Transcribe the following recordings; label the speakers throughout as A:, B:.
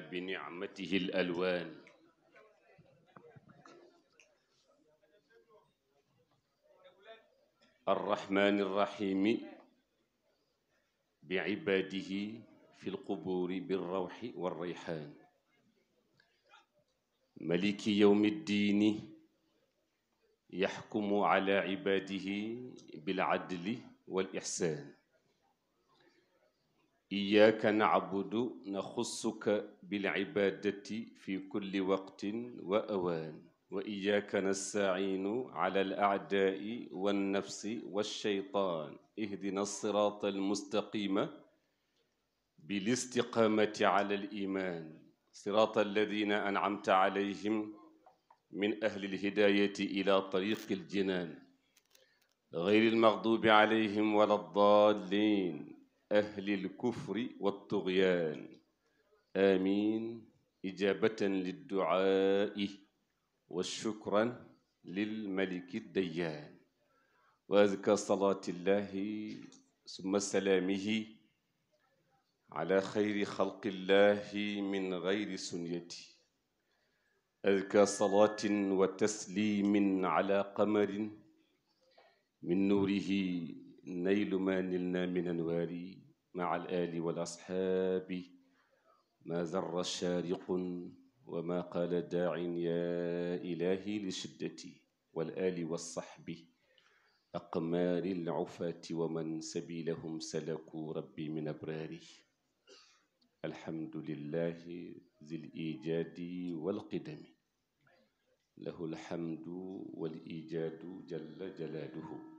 A: بنعمته الألوان الرحمن الرحيم بعباده في القبور بالروح والريحان ملك يوم الدين يحكم على عباده بالعدل والإحسان إياك نعبد نخصك بالعبادة في كل وقت وأوان وإياك نستعين على الأعداء والنفس والشيطان اهدنا الصراط المستقيم بالاستقامة على الإيمان صراط الذين أنعمت عليهم من أهل الهداية إلى طريق الجنان غير المغضوب عليهم ولا الضالين أهل الكفر والطغيان آمين إجابة للدعاء وشكرا للملك الديان وأذكى صلاة الله ثم سلامه على خير خلق الله من غير سنيتي أذكى صلاة وتسليم على قمر من نوره نيل ما نلنا من أنواري مع الآل والأصحاب ما زر شارق وما قال داع يا إلهي لشدتي والآل والصحب أقمار العفاة ومن سبيلهم سلكوا ربي من أبراري الحمد لله ذي الإيجاد والقدم له الحمد والإيجاد جل جلاله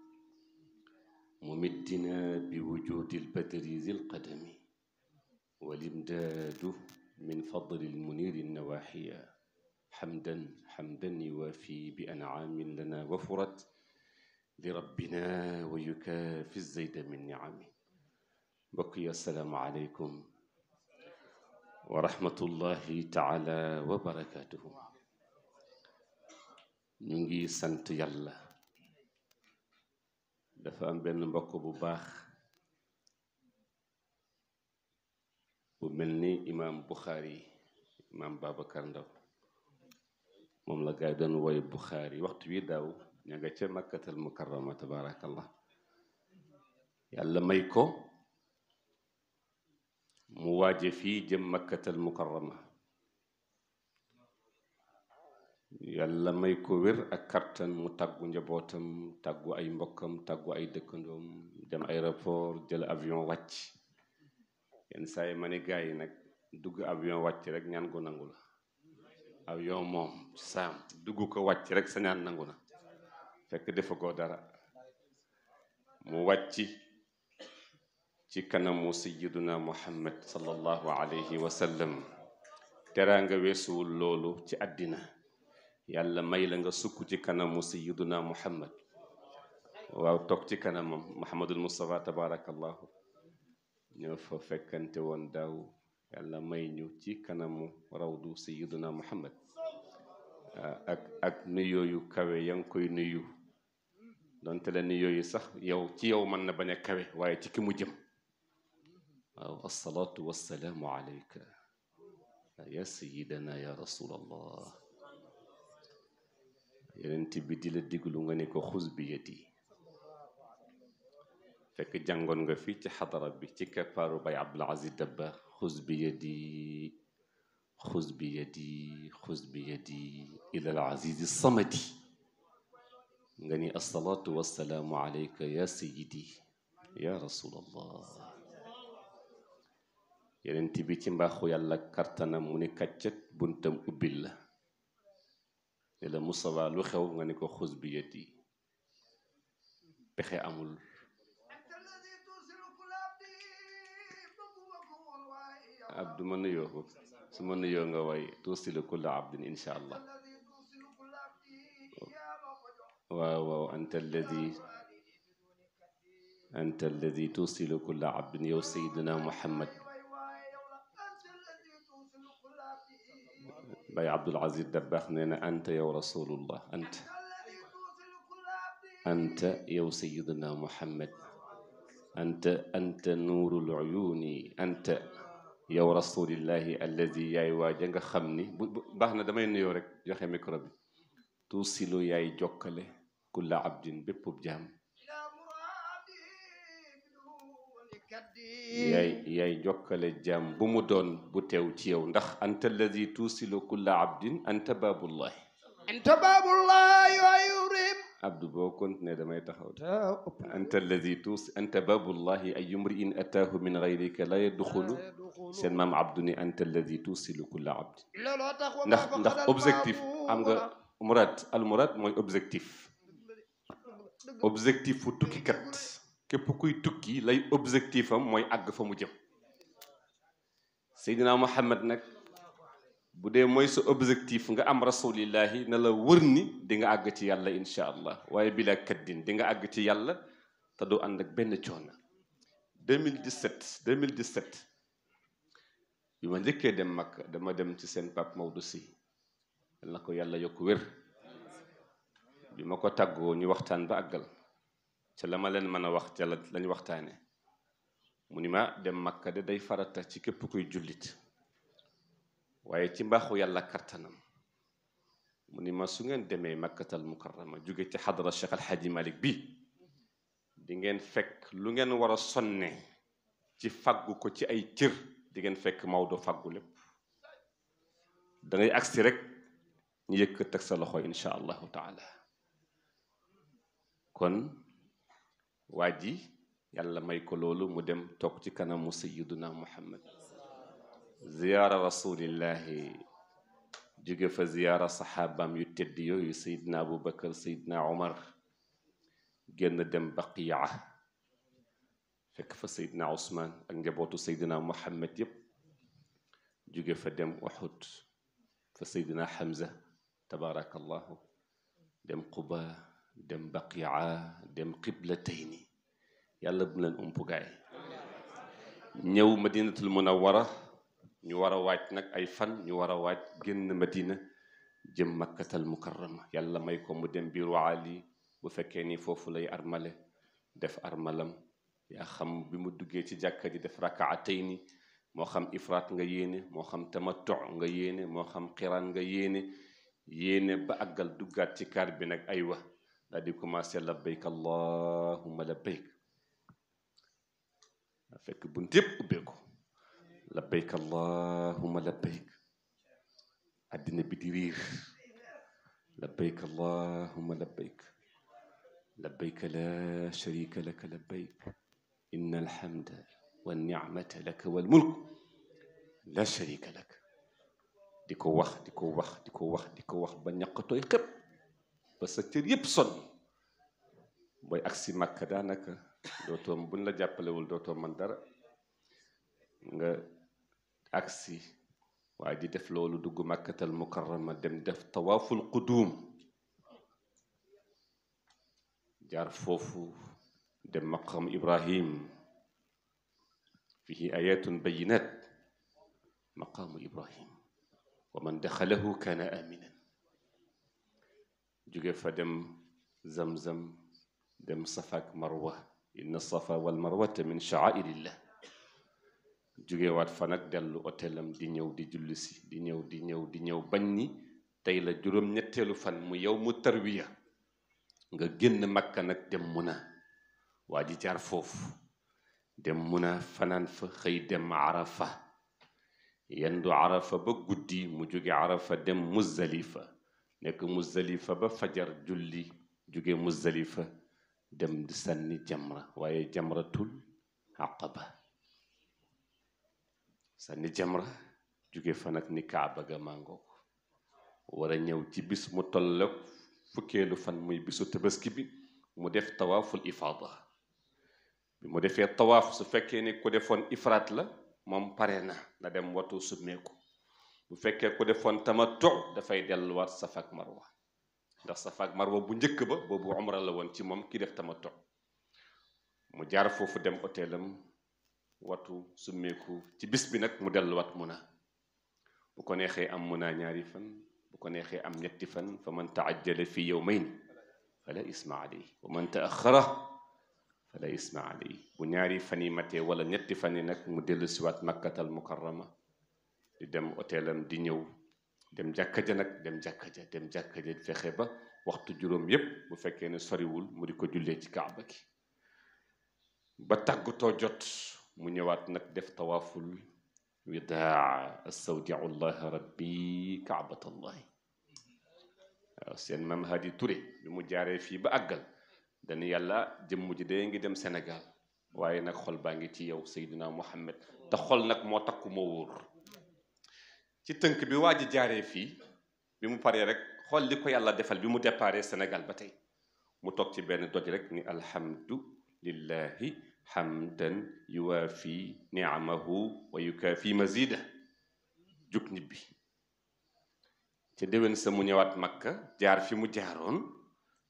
A: ممدنا بوجود البدر ذي القدم والامداد من فضل المنير النواحيا حمدا حمدا يوافي بأنعام لنا وفرت لربنا ويكافي الزيد من نعمه بقي السلام عليكم ورحمة الله تعالى وبركاته نجي سنت يالله dafa am benn mbokk bu baax bu mel ni imaam Buxaari imaam Babacar Ndaw moom la gaay doon woy Buxaari waxtu wi daaw ña nga ca makkatal mukarrama tabaarakallah yàlla may ko mu waaje fi jëm makkatal mukarrama yàlla may ko wér ak kattan mu tàggu njabootam tàggu ay mbokkam tàggu ay dëkkandoom dem aéroport jël avion wàcc yenn saa yi ma ne gars nag dugg avion wàcc rek ñaan ko nangu la avion moom saam dugg ko wàcc rek sa ñaan nangu na fekk defa ko dara mu wàcc ci kanamu sayyiduna muhammad sallallahu alayhi wa teraanga weesuwul loolu ci àddina yàlla may la nga sukk ci kanamu sayiduna muhammad waaw toog ci kanamam muhammadul mustafa tabarakallahu ñoo fa fekkante woon daaw yàlla may ñu ci kanamu rawdu sayiduna muhammad ak ak nuyoo yu kawe yaa ngi koy nuyu donte la nuyoo yu sax yow ci yow mën na bañ a kawe waaye ci ki mu jëm waaw assalaatu wassalaamu alayka ya sayidana ya rasulallah yonent bi di la diglu nga ne ko xus bi yëti fekk jàngoon nga fi ci xadara bi ci keppaaru bay Abdul Aziz Dabba xus bi yëti xus bi yati xus bi yëti ila al aziz al samadi nga ni assalaatu wassalaamu alayka ya sayyidi ya rasul allah yonent bi ci mbaxu yàlla kartana mu ni kàccat buntam ubbil إلى مصابة لوخاو غانيكو خوز بيدي بخي أمول عبد من يوهو سمن يوهو غواي توصي لكل عبد إن شاء الله واو أنت الذي أنت الذي توصي لكل عبد يا سيدنا محمد بي عبد العزيز دباخ نينا أنت يا رسول الله أنت أنت يا سيدنا محمد أنت أنت نور العيون أنت يا رسول الله الذي يا واجنغ خمني بحنا دمين نيورك رك جوخي ميكرو بي توصل ياي كل عبد بيبوب جام yay yay jokkale jaam bu mu doon bu teew ci yow ndax anta alladi tuusilu kulla abdin anta baabullahi
B: anta baabullahi wa yurib
A: abdu boo continué damay taxaw anta alladi tuusi anta baabullahi ay umriin ataahu min gayrika la yadxulu seen maam abdu ni anta alladi tuusilu kulla abdin ndax ndax objectif am nga murad al murad mooy objectif objectif fu tukkikat képp kuy tukki lay objectif am mooy àgg fa mu jëm Seydina Muhammad nag bu dee mooy sa objectif nga am rasulillahi na la wër ni di nga àgg ci yàlla incha allah waaye bila kaddin di nga àgg ci yàlla te du ànd ak benn coono 2017 2017 bi ma njëkkee dem Makka dama dem ci seen Pape Maodo Sy yal na ko yàlla yokk wér bi ma ko tàggoo ñu waxtaan ba àggal ca la ma leen mën a wax ca la lañ waxtaane mu ni ma dem makka de day farata ci képp kuy jullit waaye ci mbaaxu yàlla kattanam mu ni ma su ngeen demee makkatal mukarrama jóge ci xadara Cheikh Al Hadji Malick bi di ngeen fekk lu ngeen war a sonne ci fàggu ko ci ay cër di ngeen fekk Maodo fàggu lépp da ngay agsi rek ñu yëkk teg sa loxo incha allahu taala kon waa yàlla may ko lolou mu dem tok ci kanamu sayyiduna muhammad ziyara rasulillah jige fa ziyara saxaabaam yu tedd yooyu sayidna abubakar sayidna umar génn dem baqiya fek fa sayidna usman ak njabotu sayidina muhammad yeb jige fa dem uhud fa sayidina hamza tabarakallahu dem quba dem baqiya dem qiblatayni yàlla bu leen umpugaay ñëw madinatul munawwara ñu war a waaj nag ay fan ñu war a waaj génn madina jëm makkatal mukarrama yàlla may ko mu dem biiru ali bu fekkee ni foofu lay armale def armalam yaa xam bi mu duggee ci jàkka ji def rakaatayni moo xam ifraat nga yéene moo xam tamattu nga yéene moo xam xiraan nga yéene yéene ba àggal duggaat ci kaar bi nag ay aywa لدي كوماسي لبيك اللهم لبيك فك بنتيب بيكو لبيك اللهم لبيك عدنا بديريف لبيك اللهم لبيك لبيك لا شريك لك لبيك إن الحمد والنعمة لك والملك لا شريك لك ديكو وخ ديكو وخ ديكو وخ ديكو وخ بنيقتو يقب parce que cër yëpp sonn booy agsi màkka daanaka dootoo buñ la jàppalewul dootoo man dara nga agsi waaye di def loolu dugg màkkatal mukarrama dem def tawaaful quduum jaar foofu dem maqam ibrahim fihi ayatun bayinat maqamu ibrahim wa man daxalahu kana aminan جوجي فدم زمزم zamzam dem مروة إن marwa inna safa wal الله جوجي وات فنك fa أتلم دينيو دي جلسي دينيو di دينيو بني di جروم di فن مو يوم bañ nga génn makka nak dem muna wadi jar fof dem muna fanan fa xëy dem arafa yendu arafa ba guddii mu jóge arafa dem muzdalifa nekk Muzdalifa ba fajar julli jóge Muzdalifa dem di sànni jamra waaye jamratul aqaba sànni jamra jóge fa nag ni kaaba ga màngook war a ñëw ci bis mu tollook fukkeelu fan muy bisu tabaski bi mu def tawaaful ifaada bi mu defee tawaaf su fekkee ni ku defoon ifraat la moom pare na na dem watu summeeku bu fekkee ku defoon tamattu dafay delluwaat safa ak marwa ndax safa ak marwa bu njëkk ba boobu umra la woon ci moom ki def tamattu mu jaar foofu dem hôtelam watu summeeku ci bis bi nag mu delluwaat muna bu ko neexee am muna ñaari fan bu ko neexee am ñetti fan fa man taajjala fi yawmayn fala isma alayhi wa man taaxara fala isma alayhi bu ñaari fan yi matee wala ñetti fan yi nag mu dellusiwaat makkatal mukarrama di dem hôtelam di ñëw dem jàkka ja nak dem jàkka ja dem jàkka ja fexe ba waxtu juróom yépp bu fekkee ne sori wul mu di ko jullee ci kaaba gi ba tàggatoo jot mu ñëwaat nag def tawaaful widaa astawdiu llah rabbi kaabatallahi waaw seen mam Hadi Touré bi mu jaaree fii ba àggal dana yàlla jëmm ji day ngi dem Sénégal waaye nag xol baa ngi ci yow Seydina Muhammad te xol nag moo takku moo wóor ci teunk bi waji jaré fi bi mu paré rek xol liko yàlla defal bi mu déparé Sénégal batay mu tok ci ben doj rek ni alhamdu lillahi hamdan yuwafi niamahu wa yukafi mazida juk ñibbi ci déwén sa mu ñewat makka jaar fi mu jaaroon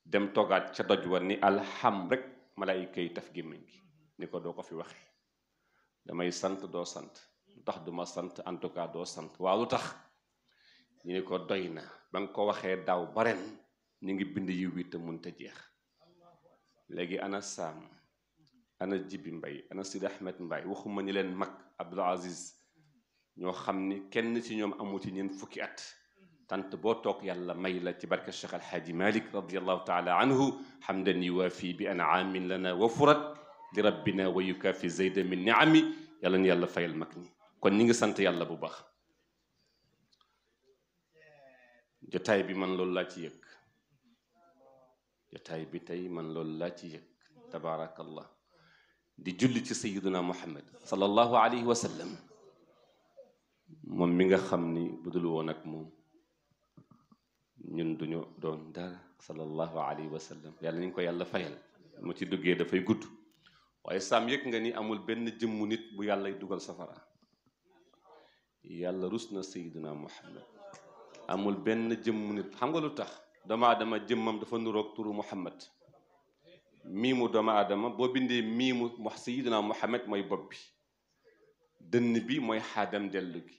A: dem togaat ca doj wa ni alham rek malaayika yi taf gémmiñ ni ko doo ko fi waxe damay sante do sante lu tax du ma sant en tout cas doo sant waaw lu tax ñu ne ko doy na ba nga ko waxee daaw ba ren ñu ngi bind yiw wi te mënut a jeex léegi ana saam ana jibi mbay ana sid ahmed mbay waxuma ñu leen mag abdul aziz ñoo xam ni kenn ci ñoom amu ci ñeent fukki at tant boo toog yàlla may la ci barke cheikh alxaaji malik radiallahu taala anhu xamdan yuwaafi bi anaamin lana wa furat li rabbina wa yukaafi zayda min niami yàlla na yàlla fayal mag ñi kon ñi ngi sant yàlla bu baax jotaay bi man loolu laa ci yëg jotaay bi tey man loolu laa ci yëg tabaarakallah di julli ci sayiduna muhammad sallallahu alayhi wa sallam moom mi nga xam ni budul woon ak moom ñun duñu doon dara sallallahu alayhi wa sallam yàlla ñu ko yàlla fayal mu ci duggee dafay gudd waaye saam yëg nga ni amul benn jëmmu nit bu yàlla dugal safara yàlla rus na sayidina muhammad amul benn jëmm nit xam nga lu tax doomu aadama jëmmam dafa nuroog turu muhammad miimu doomu aadama boo bindee miimu sayidina muhammad mooy bopp bi dënn bi mooy xaadam dellu gi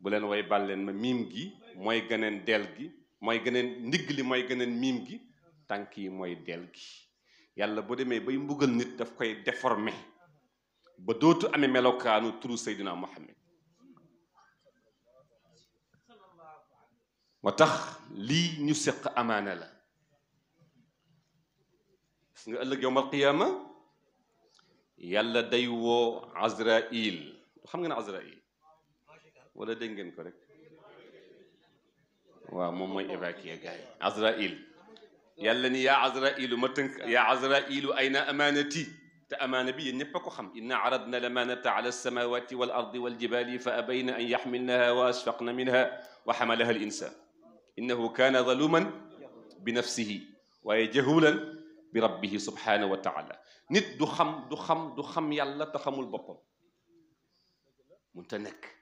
A: bu leen way bàlleen ma miim gi mooy gëneen del gi mooy gëneen ndigg li mooy gëneen miim gi tànk yi mooy del gi yàlla bu demee bay mbugal nit daf koy déformé ba dootu amee melokaanu turu sayidina muhammad moo tax lii ñu séq amaana la gis nga ëllëg yowmal qiyaama yàlla day woo Azraïl xam ngeen Azraïl wala dégg ngeen ko rek waaw moom mooy évacuer gars yi Azraïl yàlla ni yaa Azraïlu ma tënk yaa Azraïlu ayna amaanati te amaana bi yéen ñëpp a ko xam inna aradna lamanata ala alsamawati wal ardi wal jibali fa abayna an yaxmilnaha wa asfaqna minha wa xamalaha al insan إنه كان ظلوما بنفسه وجهولا بربه سبحانه وتعالى نت دخم دخم دخم يلا تخم البطل منتنك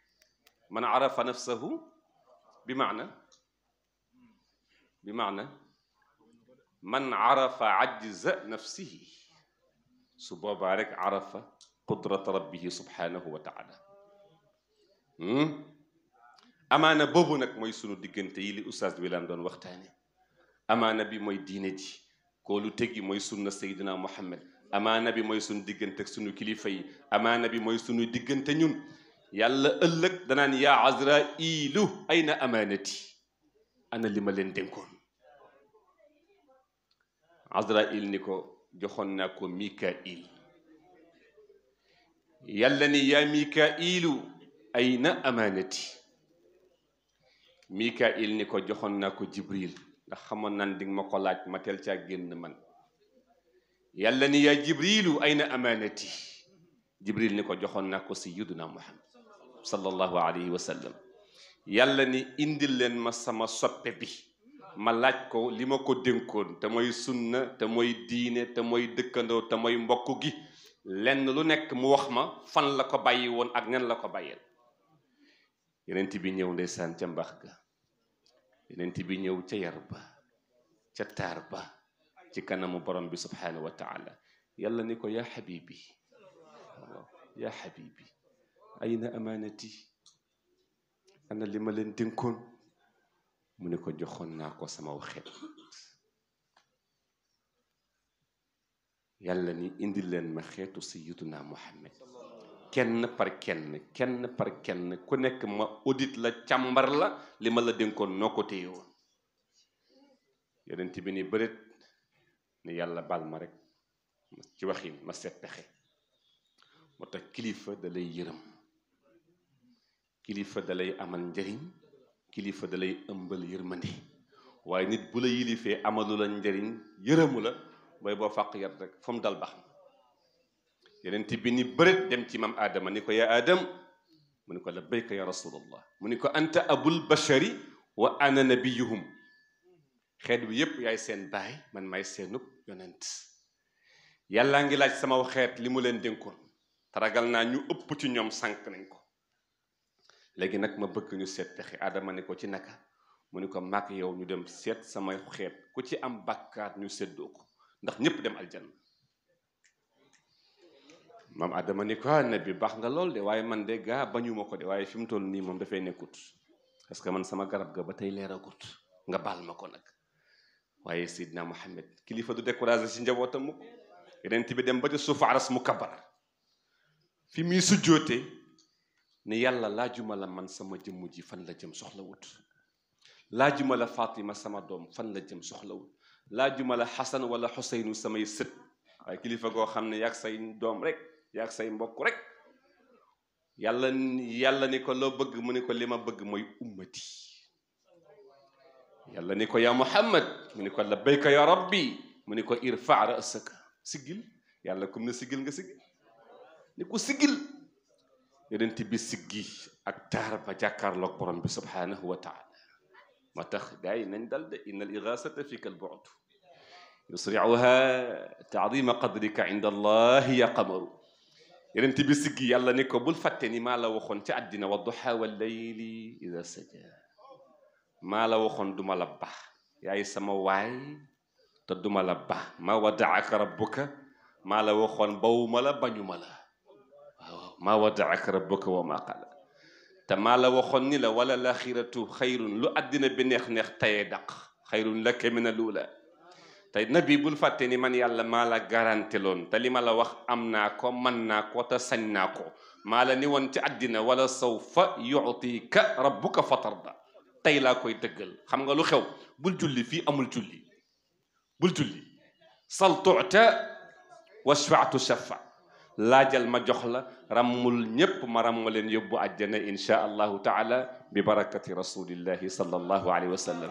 A: من عرف نفسه بمعنى بمعنى من عرف عجز نفسه سبحانه عرف قدرة ربه سبحانه وتعالى amana bobu nak moy sunu diggante yi li oustaz lan doon waxtaane amana bi moy diine ji lu tegi moy sunna sayyidina Muhammad amana bi moy sunu diggante ak sunu kilifa yi amana bi moy sunu diggante ñun yàlla ëllëg danaan yaa azrailu ayna amanati ana lima ma leen dénkoon azrail niko joxon na ko mikail yàlla ni yaa mikailu ayna amanati mikail ni ko joxoon naa ko jibril ndax xamoon nan di ma ko laaj ma teel caa génn man yàlla ni yaa jibrilu ayna amaanati jibril ni ko joxoon naa ko sayyiduna muhammad sallallahu alayhi wa sallam yàlla ni indil leen ma sama soppe bi ma laaj ko li ma ko dénkoon te mooy sunna te mooy diine te mooy dëkkandoo te mooy mbokk gi lenn lu nekk mu wax ma fan la ko bàyyi woon ak nen la ko bàyyeel yenent bi ñëw ndeysaan ca mbax ga ننتي بي نيو تي يربا تي تاربا تي كانامو بروم بي سبحانه وتعالى يلا نيكو يا حبيبي
B: يا حبيبي
A: اين امانتي انا اللي مالن دينكون مونيكو جوخون ناكو سما وخيت يلا ني اندي لن ما خيتو سيدنا محمد صلى الله عليه وسلم kenn par kenn kenn par kenn ku nekk ma audit la càmbar la li ma la dénkoon noo ko téye woon yonent bi ni bërit ni yàlla baal ma rek ci waxin ma seet pexe moo tax kilifa da yërëm kilifa da amal njëriñ kilifa da ëmbal yërmandi waaye nit bu la yilifee amalu la njëriñ yërëmu la booy boo fàq yar rek fa dal baax yeneen bi ni bërit dem ci maam aadama ni ko yaa aadam mu ni ko labbayka ya rasulallah mu ni ko anta abul bashari wa ana nabiyuhum xeet bi yépp yaay seen baay man maay seenub yonent yàllaa ngi laaj sama xeet li mu leen dénkoon taragal naa ñu ëpp ci ñoom sànq nañ ko léegi nag ma bëgg ñu seet pexe aadama ni ko ci naka mu ni ko màgg yow ñu dem seet samay xeet ku ci am bàkkaar ñu séddoo ko ndax ñépp dem aljanna mam Adama ni ko nabi bax nga lol de waye man de ga bañuma ko de waye fim mu toll nii moom dafay nekkut parce que man sama garab ga ba tey leeragut nga bal mako nak waye sidna Seydina kilifa du décourager ci njabotam mu yenen bi dem ba ci sufa ras mukabbar fi mi sujote ni yàlla laajuma la man sama jëmm ji fan la jëm soxla wut la Fatima sama dom fan la jëm soxla wut la hasan wala Xuseynu samay sët ay kilifa go xamne yak say dom rek. yaag say mbokk rek yàlla yàlla ni ko loo bëgg mu ni ko li ma bëgg mooy ummati yàlla ni ko yaa muhammad mu ni ko labbayka ya rabbi mu ni ko irfa raasaka siggil yàlla comme ne siggil nga siggil ni ko siggil yonent bi siggi ak taar ba jàkkaarloog borom bi subhanahu wa taala moo tax gars yi nañ dal de inna al igasata fika al bu'du yusriuha taadima qadrika inda allahi ya qamaru يرنت بسجي يلا نيكو بول فتني ما لا وخون تي ادنا والضحى والليل اذا سجى ما لا وخون دوما لا يا اي واي تدوما لا ما ودعك ربك ما لا وخون بو ما لا بانيو ما ودعك ربك وما قال تما لا وخون ني لا ولا الاخره خير لو ادنا بنخ نخ تاي دق خير لك من الاولى tey nabi bul fàtte ni man yàlla maa la garanté loon te li ma la wax am naa ko mën naa ko te sañ naa ko maa la ni woon ci àddina wala sawfa yutika rabbuka fatarda tey laa koy dëggal xam nga lu xew bul julli fii amul julli bul julli sal tuta wasfaatu shafa laajal ma jox la ràmmul ñépp ma ràmm leen yóbbu àjjana insha allahu taala bi barakati rasulillahi sallallahu alayhi wa sallam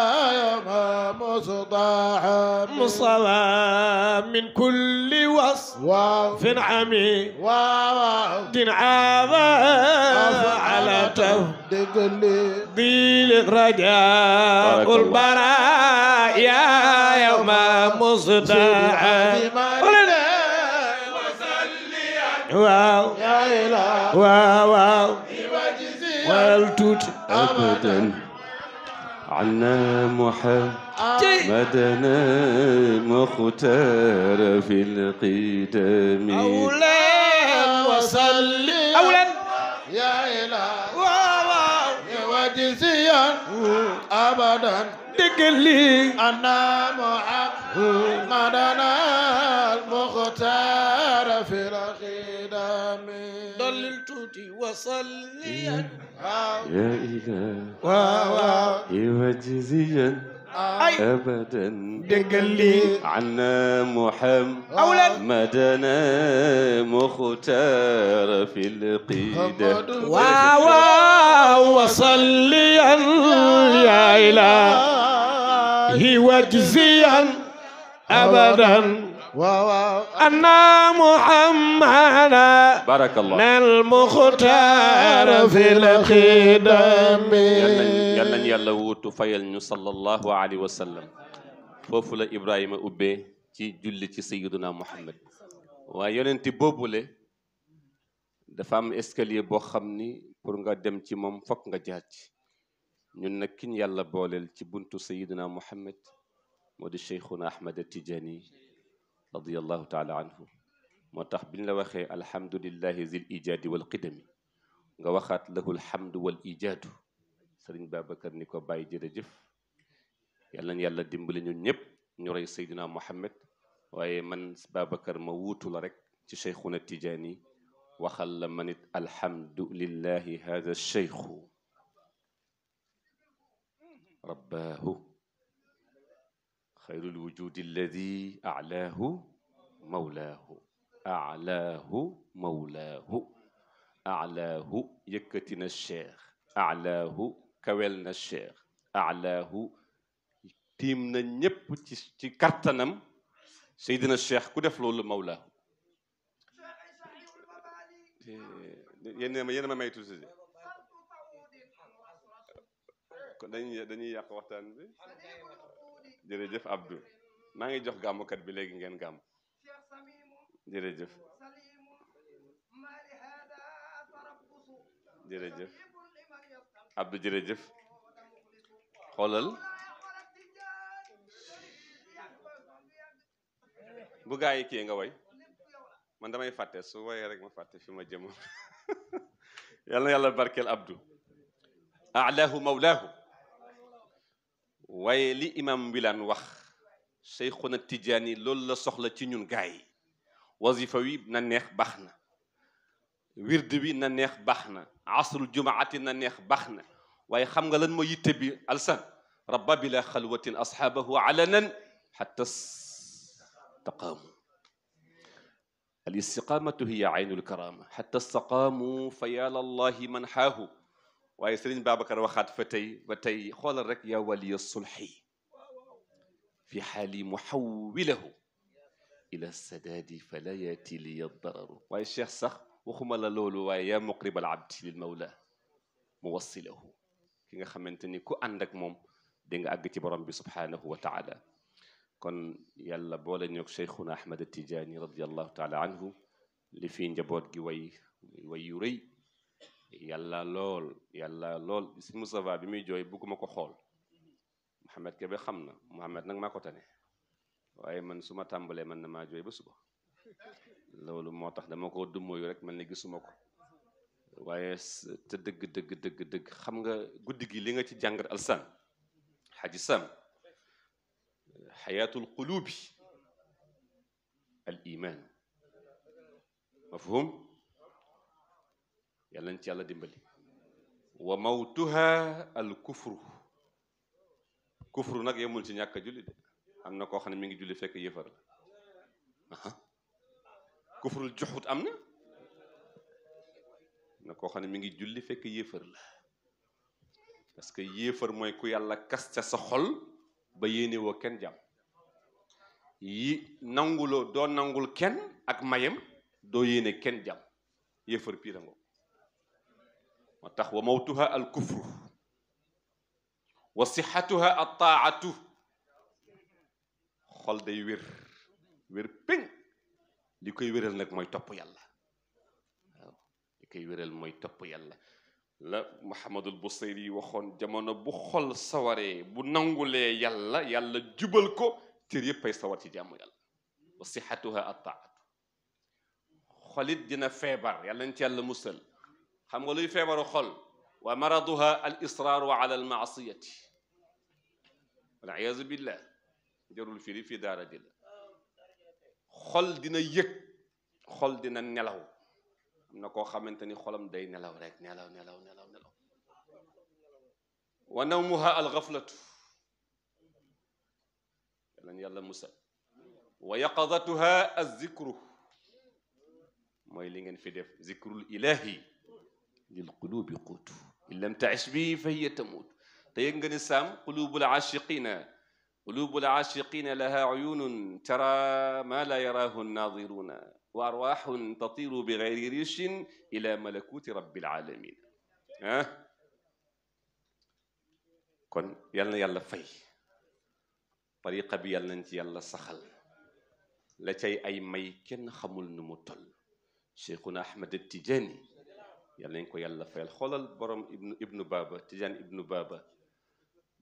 B: نعم صلاة من كل وصف نعمي عمي دين عاد على تفدقلي ذيل رجاء يا يوم مصدع واو يا إله واو واو والتوت أبدا
A: عنا محمد مدنا المختار في القدم أولا
B: وصلي أولا
A: يا إله وجزيا
B: أبدا دقلي أنا مدنا المختار في القدم ضللت وصليا يا إله
A: وجزيا
B: ابدا
A: دقلي عنا محمد مدنا مختار في القيده
B: واو وصليا يا الهي وجزيا ابدا أن محمدا
A: بارك الله
B: المختار في الخدم yàlla
A: na yàlla wuutu fayal ñu sallallahu alayhi wa sallam foofu la Ibrahima ubbee ci julli ci sayyiduna Muhammad waaye yonenti boobule dafa am escalier boo xam ni pour nga dem ci moom fokk nga jaar ci ñun nag kiñ yàlla booleel ci buntu sayyiduna Muhammad moo di Cheikhuna Ahmad Tijaani radiallahu taala anhu moo tax biñ la waxee alhamdulillahi zil ijaadi wal qidami nga waxaat lahul hamdu wal ijaadu sëriñ Babacar ni ko bàyyi jërëjëf yàlla na yàlla dimbali ñun ñëpp ñu roy Seydina Mohamed waaye man Babacar ma wuutu la rek ci cheikhuna Tijaani waxal la ma nit alhamdu lillahi hada cheikhu rabbaahu خير الوجود الذي أعلاه مولاه أعلاه مولاه أعلاه يكتنا الشيخ أعلاه كويلنا الشيخ أعلاه تيمنا نيب تي كارتنم سيدنا الشيخ كو ديف مولاه إيه، ين ما ين ما ماي توسي jërëjëf Abdou ma ngi jox gamu kat bi legi ngeen gàmm
B: jërëjëf jërëjëf
A: Abdou jërëjëf xolal bu gaay ki nga way man damay fàtte su waye rek ma fàtte fi ma jëmoon yalla na yàlla Abdou a'lahu mawlahu waye li imam bilan wax Seyxuna tijani loolu la soxla ci ñun gaay wazifa wi na neex baxna wird wi na neex baxna asrul jumaati na neex baxna waye xam nga lan mo yitte bi alsan rabba bila khalwatin ashabahu alanan hatta taqamu al istiqaamatu hiya aynu lkaraama xatta staqaamu fa yaa man waaye sëriñ Babacar waxaat fa tey ba tey xoolal rek yaa waliya sulxi fi xaali muxawilahu ila sadaadi fala yaati liya dararu waaye cheikh sax waxuma la loolu waaye yaa muqrib al abdi lil mawla muwassilahu ki nga xamante ni ku ànd ak moom di nga àgg ci borom bi subhanahu wa taala kon yàlla boole ñoog cheikhuna ahmad tijaani radiallahu taala anhu li fii njaboot gi way way yu rëy yàlla lool yàlla lool si Moustapha bi muy jooy bugguma ko xool Mouhamed Kébé xam na Mouhamed nag maa ko tane waaye man su ma tàmbalee man na maa jooy ba suba loolu moo tax dama ko dummóoyu rek man ne gisuma ko waaye te dëgg dëgg dëgg dëgg xam nga guddi gi li nga ci jàngat alsan xaji sam xayaatul qulubi al iman mafhum yàlla nañ ci yàlla dimbali wa mawtuha al kufru kufru nag yemul ci ñàkk a julli de am na koo xam ne mu ngi julli fekk yëfar la kufrul juxut na koo xam ne mi ngi julli fekk yéefar que yéefar mooy ku yàlla kas ca sa xol ba yéene kenn jàmm yi nanguloo doo nangul kenn ak mayem doo yéene kenn jàmm yéefar piirango وموتها الكفر وصحتها الطاعة خل دي وير وير بين لكي وير لك ما يتوب يلا لكي وير لك ما يتوب يلا لا محمد البصيري وخون جمانا بو خل سواري بو ننغولي يلا يلا جبلكو تري بي سواتي جامو يلا وصحتها الطاعة خالد دينا فيبر يلا انت يلا مسلم حمولي في ورخل ومرضها الإصرار على المعصية والعياذ بالله ديروا الفيلي في دار ديال خل دينا يك خل دينا نلاو امنا كو خامتني خولم داي نلاو رك نلاو نلاو نلاو نلاو ونومها الغفلة يلا يلا موسى ويقظتها الذكر موي لي نين في ديف ذكر الالهي للقلوب قوت إن لم تعش به فهي تموت تينقن طيب سام قلوب العاشقين قلوب العاشقين لها عيون ترى ما لا يراه الناظرون وأرواح تطير بغير ريش إلى ملكوت رب العالمين ها كن يلا يلا في طريقه fay يلا bi yal nañ ci yàlla saxal la cay ay may yàlla nañ ko yàlla fayal xoolal borom ibnu ibnu baaba tijaan ibnu baaba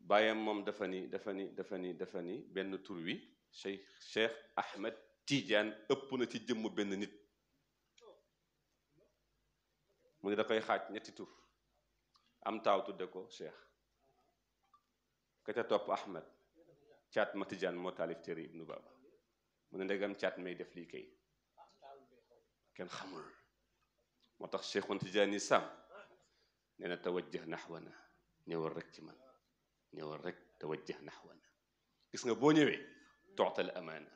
A: bàyyam moom dafa ni dafa ni dafa ni dafa ni benn tur wi cheikh cheikh ahmed tijaan ëpp na ci jëmm benn nit mu ne da koy xaaj ñetti tur am taaw tudde ko cheikh ka ca topp ahmed caat ma tijaan moo taalif téere ibnu baaba mu ne ndegam caat may def lii kay kenn xamul مطخ الشيخ وانت جاني سام نتوجه نحونا نورك من نورك توجه نحونا كيس نبوني تعطى الأمانة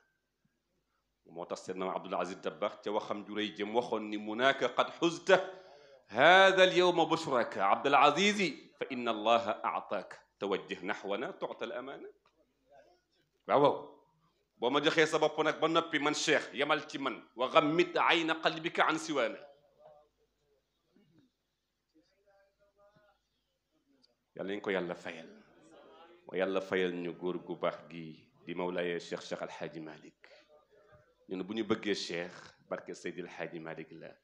A: ومطخ سيدنا عبد العزيز دباخ توخم جري جم وخني مناك قد حزت هذا اليوم بشرك عبد العزيز فإن الله أعطاك توجه نحونا تعطى الأمانة واو وما جخي سبب هناك بنبي من شيخ يملك من وغمت عين قلبك عن سوانا يالله نكو يالله فايل ويالله فايل ني غور غو باخ غي دي مولاي الشيخ شيخ الحاج مالك ني بو ني بغي الشيخ بركة سيد الحاج مالك لا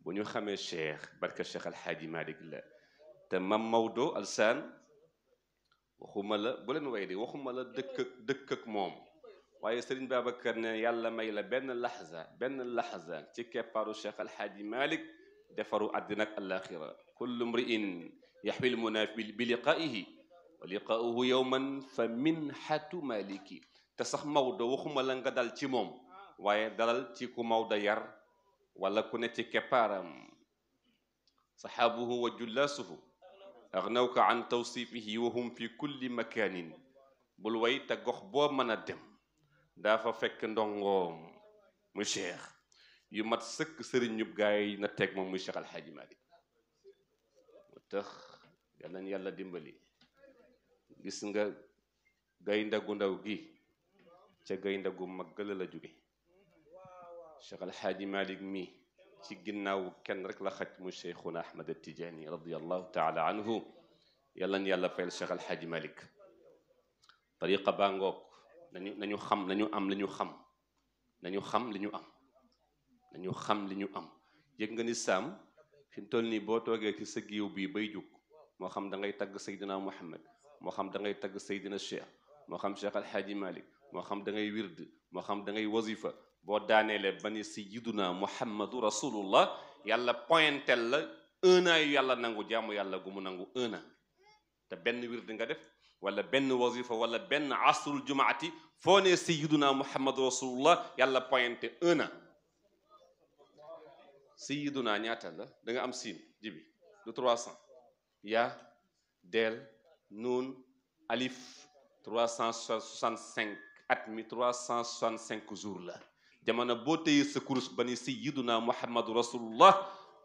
A: بو ني خامي الشيخ بركة الشيخ الحاج مالك لا تمام مودو السان وخوما لا بولن واي دي وخوما لا دك دكك موم waye serigne babacar ne yalla may la ben lahza ben lahza ci keparu cheikh al hadi malik defaru adina al akhirah kullu mri'in يحمي المناف بلقائه ولقاؤه يوما فمنحة مالكي تسخ مودو وخم لنغا دال تي موم واي دال تي كو مودو يار ولا كنتي كبارم صحابه وجلاسه أغنوك عن توصيفه وهم في كل مكان bul way te gox boo mën a dem daa fa fekk ndongoom mu cheikh yu mat sëkk sëriñ ñub gaay na teg moom muy cheikh alxaaji yal nañ yàlla dimbali gis nga gaynde gu ndaw gi ca gaynde gu mag gëla la jóge Cheikh Al Hadji Malick mi ci ginnaaw kenn rek la xaj mu Cheikhuna Ahmad Tijaani radiyallahu taala anhu yal nañ yàlla fayal Cheikh Al Hadji Malick tariqa baa ngoog nañu nañu xam nañu am li ñu xam nañu xam li ñu am nañu xam li ñu am yëg nga ni saam fi mu toll nii boo toogee ci sa giiw bii bay jug moo xam da ngay tagg Seydina Muhammad moo xam da ngay tagg Seydina Cheikh moo xam Cheikh Alxaaji Malik moo xam da ngay wird moo xam da ngay wasifa boo daaneele ba ni Seydina Muhammadu Rasulullah yàlla pointel la un an yu yàlla nangu jaamu yàlla gu mu nangu un an te benn wird nga def wala benn wasifa wala benn asrul jumaati foo ne Seydina Muhammadu Rasulullah yàlla pointé un an Seydina ñaata la da nga am siin jibi du 300. ya del nun alif 365 at mi 365 jours la jamono boo téye sa kurus ba ni sayyiduna muhammadu rasulullah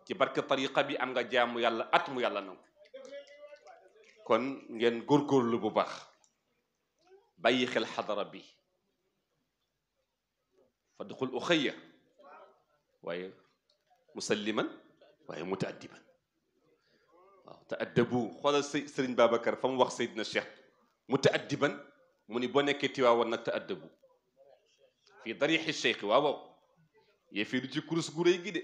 A: ci barke tariqa bi am nga jaamu yàlla at mu yàlla nangu kon ngeen góorgóorlu bu baax bàyyi xel xadara bi fa duxul uxayya waaye musalliman waaye mutaaddiban تأدبوا خلاص سرين بابكر فم وقت سيدنا الشيخ متأدبا من يبون كتير وانا تأدبوا في ضريح الشيخ واو يفي رجي كروس غوري جد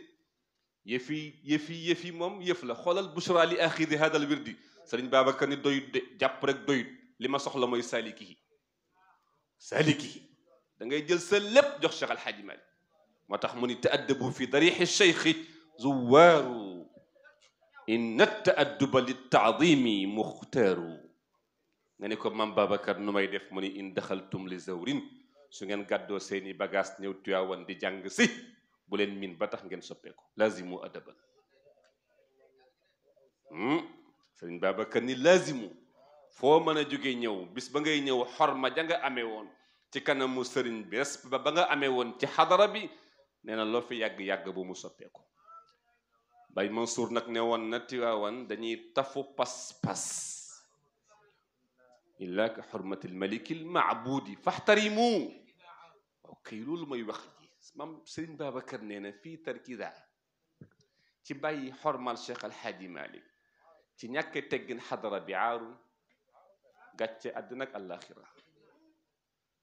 A: يفي يفي يفي مم يفلا خلال بشرى لي أخي هذا الوردي سرين بابكر ندوي جبرك دوي لما صح لما يساليكي ساليكي دعنا يجلس سلب جوش شغل حاجي ما تخمني تأدبوا في ضريح الشيخ زوارو إن التأدب للتعظيم مختار يعني كم من بابا كرنو ما يدف مني إن دخلتم لزورين سنجن قدو سيني بغاس نيو تياوان دي جانج سي بولين من بطخ نجن سبيكو لازمو أدبا سنجن بابا كرني لازمو فو مانا جوغي نيو بس بانجي نيو حرما جانج أميوان تي كان مو سرين بس بابا بانجي أميوان تي حضر بي نينا لوفي ياغ ياغ بو مو سبيكو bay Mansour nak newon woon na Tiwaawan dañuy tafu pas-pas illa ka xurmati lmaliki lmaabuudi faxtarimu ok loolu mooy wax ji maam Sëriñ Babacar nee na fii tarkida ci bàyyi xormal Cheikh hadi Malik ci ñak teggin hadra bi aaru gàcce àddina ak àllaaxira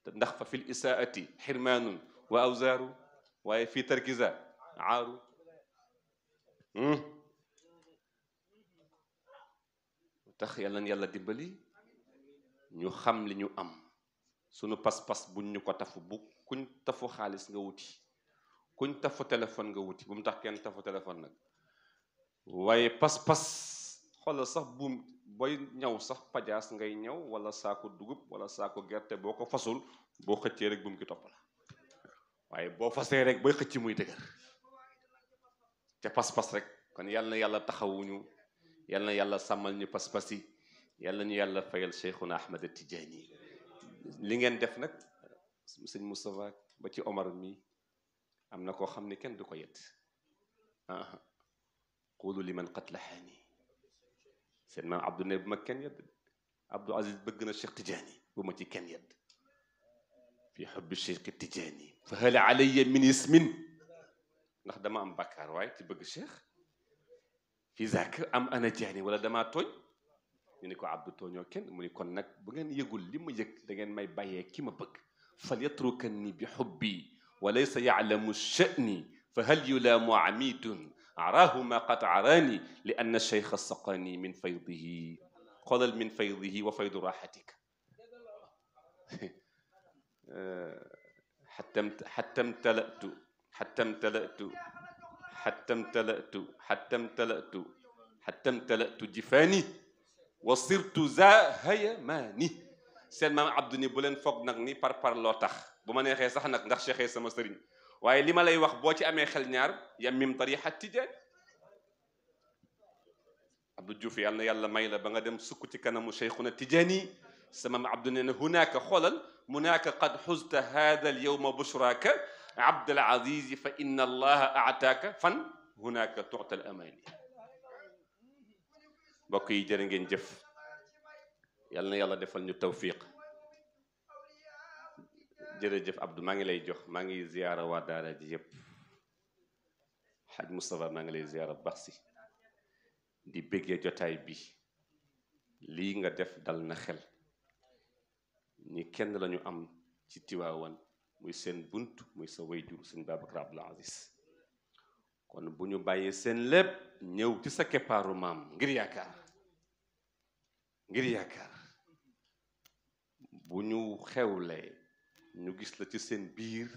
A: te ndax fa fil isaati hirmanun wa awzaru way fi tarkiza aaru Hmm? tax yàlla na yàlla dimbali ñu xam li ñu am sunu pas-pas buñ ñu ko tafu bu kuñ tafu xaalis nga wuti kuñ tafu téléphone nga wuti bu mu tax kenn tafu téléphone nag waaye pas-pas xoolal sax buum booy ñaw sax pajaas ngay ñaw wala saako dugub wala saako gerte boo ko fasul boo xëccee rek buum ki topp la waaye boo fasee rek booy xëcc muy dëgër ci pas-pas rek kon yàlla na yàlla taxawuñu yàlla yalla samal sàmmal ñu pas-pas yi yàlla ñu yàlla fayal Cheikhuna Ahmed Tidiane li ngeen def nak seigne mustafa ba ci Omar mi amna ko xamni xam ne kenn du ko ah qulu liman qatlahaani seen maam Abdou ne bu ma kenn yedd Abdou Aziz beug na Cheikh Tidiane bu ma ci kenn yett fi hubbi Cheikh Tidiane fa hal alayya min ismin نخدم ام بكر واي تبقى الشيخ في ذاك ام انا جاني ولا دما توي نيكو عبد توني كن مني كون نك بغن يقول لي ما يك ماي باي كي بق فليتركني بحبي وليس يعلم الشأن فهل يلام عميد عراه ما قد عراني لأن الشيخ سقاني من فيضه خذل من فيضه وفيض راحتك حتى حتى امتلأت حتى امتلأت حتى امتلأت حتى امتلأت حتى امتلأت جفاني وصرت ذا هيماني سيد مام عبد نيبولين فوق نغني بار بار لوتاخ بما نيخي صح نك ندخ شيخي سما سيرين واي لي مالاي واخ بو تي امي خل نيار يا طريحه تيجان عبد الجوفي يالنا يالا مايلا باغا ديم سوكو تي كانمو شيخنا تيجاني سما عبد نين هناك خلل مناك قد حزت هذا اليوم بشراك عبد العزيز فإن الله أعتاك فن هناك تعطى الأماني mbokk yi jërë ngeen jëf yal na yàlla defal ñu tawfiq jërëjëf Abdou maa ngi lay jox maa ngi ziyaara waa daara ji yëpp xaj Moustapha maa ngi lay ziyaara bu baax si di bëggee jotaay bi lii nga def dal na xel ñi kenn lañu am ci Tiwaawan muy seen bunt muy sa wayjur sëñ Babacar Abdoul kon bu ñu bàyyee seen lépp ñëw ci sa keppaaru maam ngir yaakaar ngir yaakaar bu ñu xewlee ñu gis la ci seen biir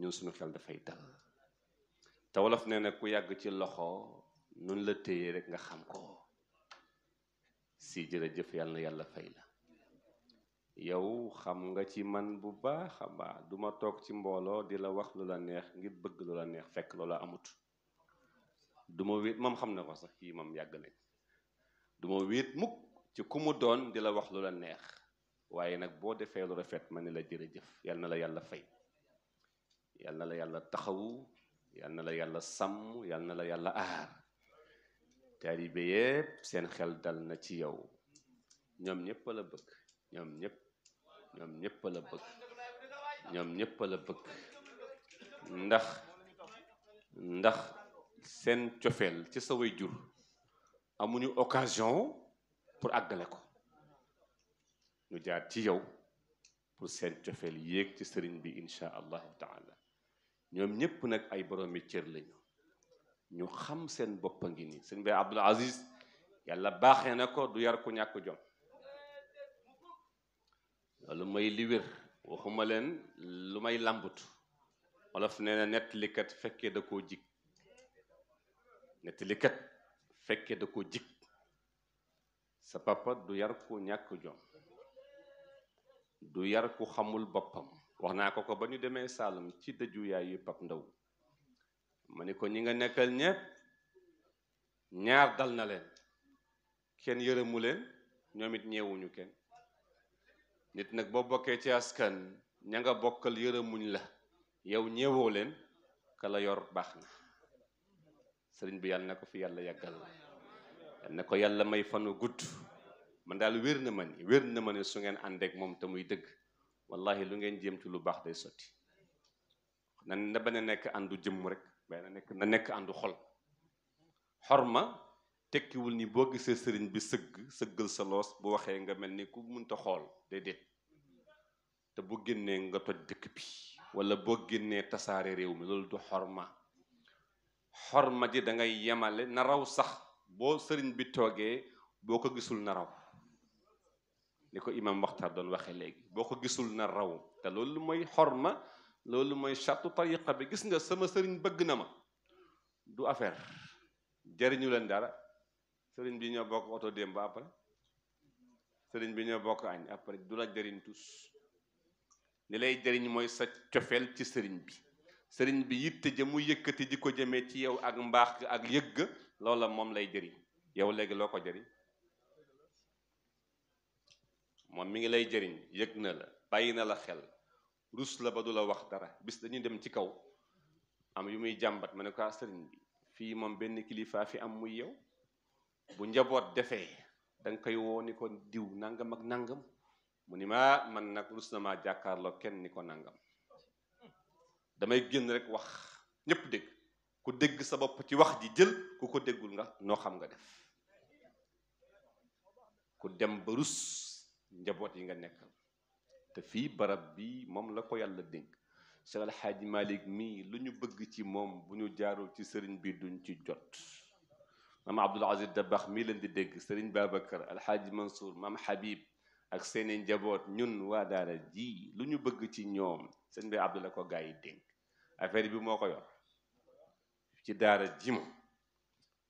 A: ñun suñu xel dafay dal te wolof nee na ku yàgg ci loxo nun la téye rek nga xam ko si jërëjëf yàlla na yàlla fay la yow xam nga ci man bu baax duma toog ci mbooloo di la wax lu la neex ngir bëgg lu la neex fekk loola amut duma ma wéet moom xam na ko sax kii moom yàgg nañ du wéet mukk ci ku mu doon di la wax lu la neex waaye nag boo defee lu rafet ma ne la jërëjëf yal na la yàlla fay yal na la yàlla taxawu yal na la yàlla sàmm yal na la yàlla aar taalibe yépp seen xel dal na ci yow ñoom ñépp la bëgg ñoom ñépp ñoom ñëpp la bëgg ñoom ñëpp la bëgg ndax ndax seen cofeel ci sa jur amuñu occasion pour àggale ko ñu jaar ci yow pour seen cofeel yéeg ci sëriñ bi insha allahu taala ñoom ñëpp nag ay boroomi cër lañu ñu xam seen bopp a ngi nii sëriñ bi Abdul Aziz yàlla baaxee na ko du yar ku ñàkk jom loolu mooy li waxuma leen lu may làmbut wolof nee na nettalikat fekkee da koo jig nettalikat fekkee da koo jig sa papa du yar ku ñàkk jom du yar ku xamul boppam wax naa ko ko ba ñu demee Saalum ci dëju yaay yu pap ndaw ma ko ñi nga nekkal ñépp ñaar dal na leen kenn yërëmu leen ñoom it ñeewuñu kenn nit nag boo bokkee ci askan ña nga bokkal yërëmuñ la yow ñewoo leen ka la yor baax na sëriñ bi yàlla na ko fi yàlla yàggal la yàlla na ko yàlla may fanu gudd man daal wér na ma ni wér na ma su ngeen àndeek moom te muy dëgg wallahi lu ngeen jéem ci lu baax day sotti na na bañ a nekk àndu jëmm rek bañ nekk na nekk àndu xol xorma tekkiwul ni boo gisee sëriñ bi sëgg sëggal sa loos bu waxee nga mel ni ku munta xool déedéet te bu génnee nga toj dëkk bi wala boo génnee tasaare réew mi loolu du xorma ma ji da ngay yemale na sax boo sëriñ bi toogee boo ko gisul na ni ko imam waxtar doon waxee léegi boo ko gisul na raw te loolu mooy ma loolu mooy chatu tariqa bi gis nga sama sëriñ bëgg na ma du affaire jëriñu leen dara sëriñ bi ñoo bokk oto démb sëriñ bi ñoo bokk añ après du la jëriñ tus li lay jëriñ mooy sa cofeel ci sëriñ bi sëriñ bi yitte ja mu yëkkati di ko jëmee ci yow ak mbaax ak yëg loola moom lay jëriñ yow léegi loo ko jëriñ moom mi ngi lay jëriñ yëg na la bàyyi na la xel rus la ba du la wax dara bis dañuy dem ci kaw am yu muy jàmbat ma ne ko ah, sëriñ bi fii moom benn kilifaa fi am muy yow bu njaboot defee da nga koy woo ni ko diw nangam ak nangam mu ni ma man nag rus na maa jàkkaarloo kenn ni ko nangam damay génn rek wax ñépp dégg ku dégg sa bopp ci wax ji jël ku ko déggul nga noo xam nga def ku dem ba rus njaboot yi nga nekkal te fii barab bi moom la ko yàlla dénk Cheikh El Hadj mii lu ñu bëgg ci moom bu ñu jaarul ci sëriñ bi duñ ci jot مام عبد العزيز الدباخ ميلند الدق سرين بابكر الحاج منصور مام حبيب اكسين جابوت نون ودار جي لو نيو بغ تي نيوم عبد الله كو غاي دينك افير بي موكو يور تي دار جيم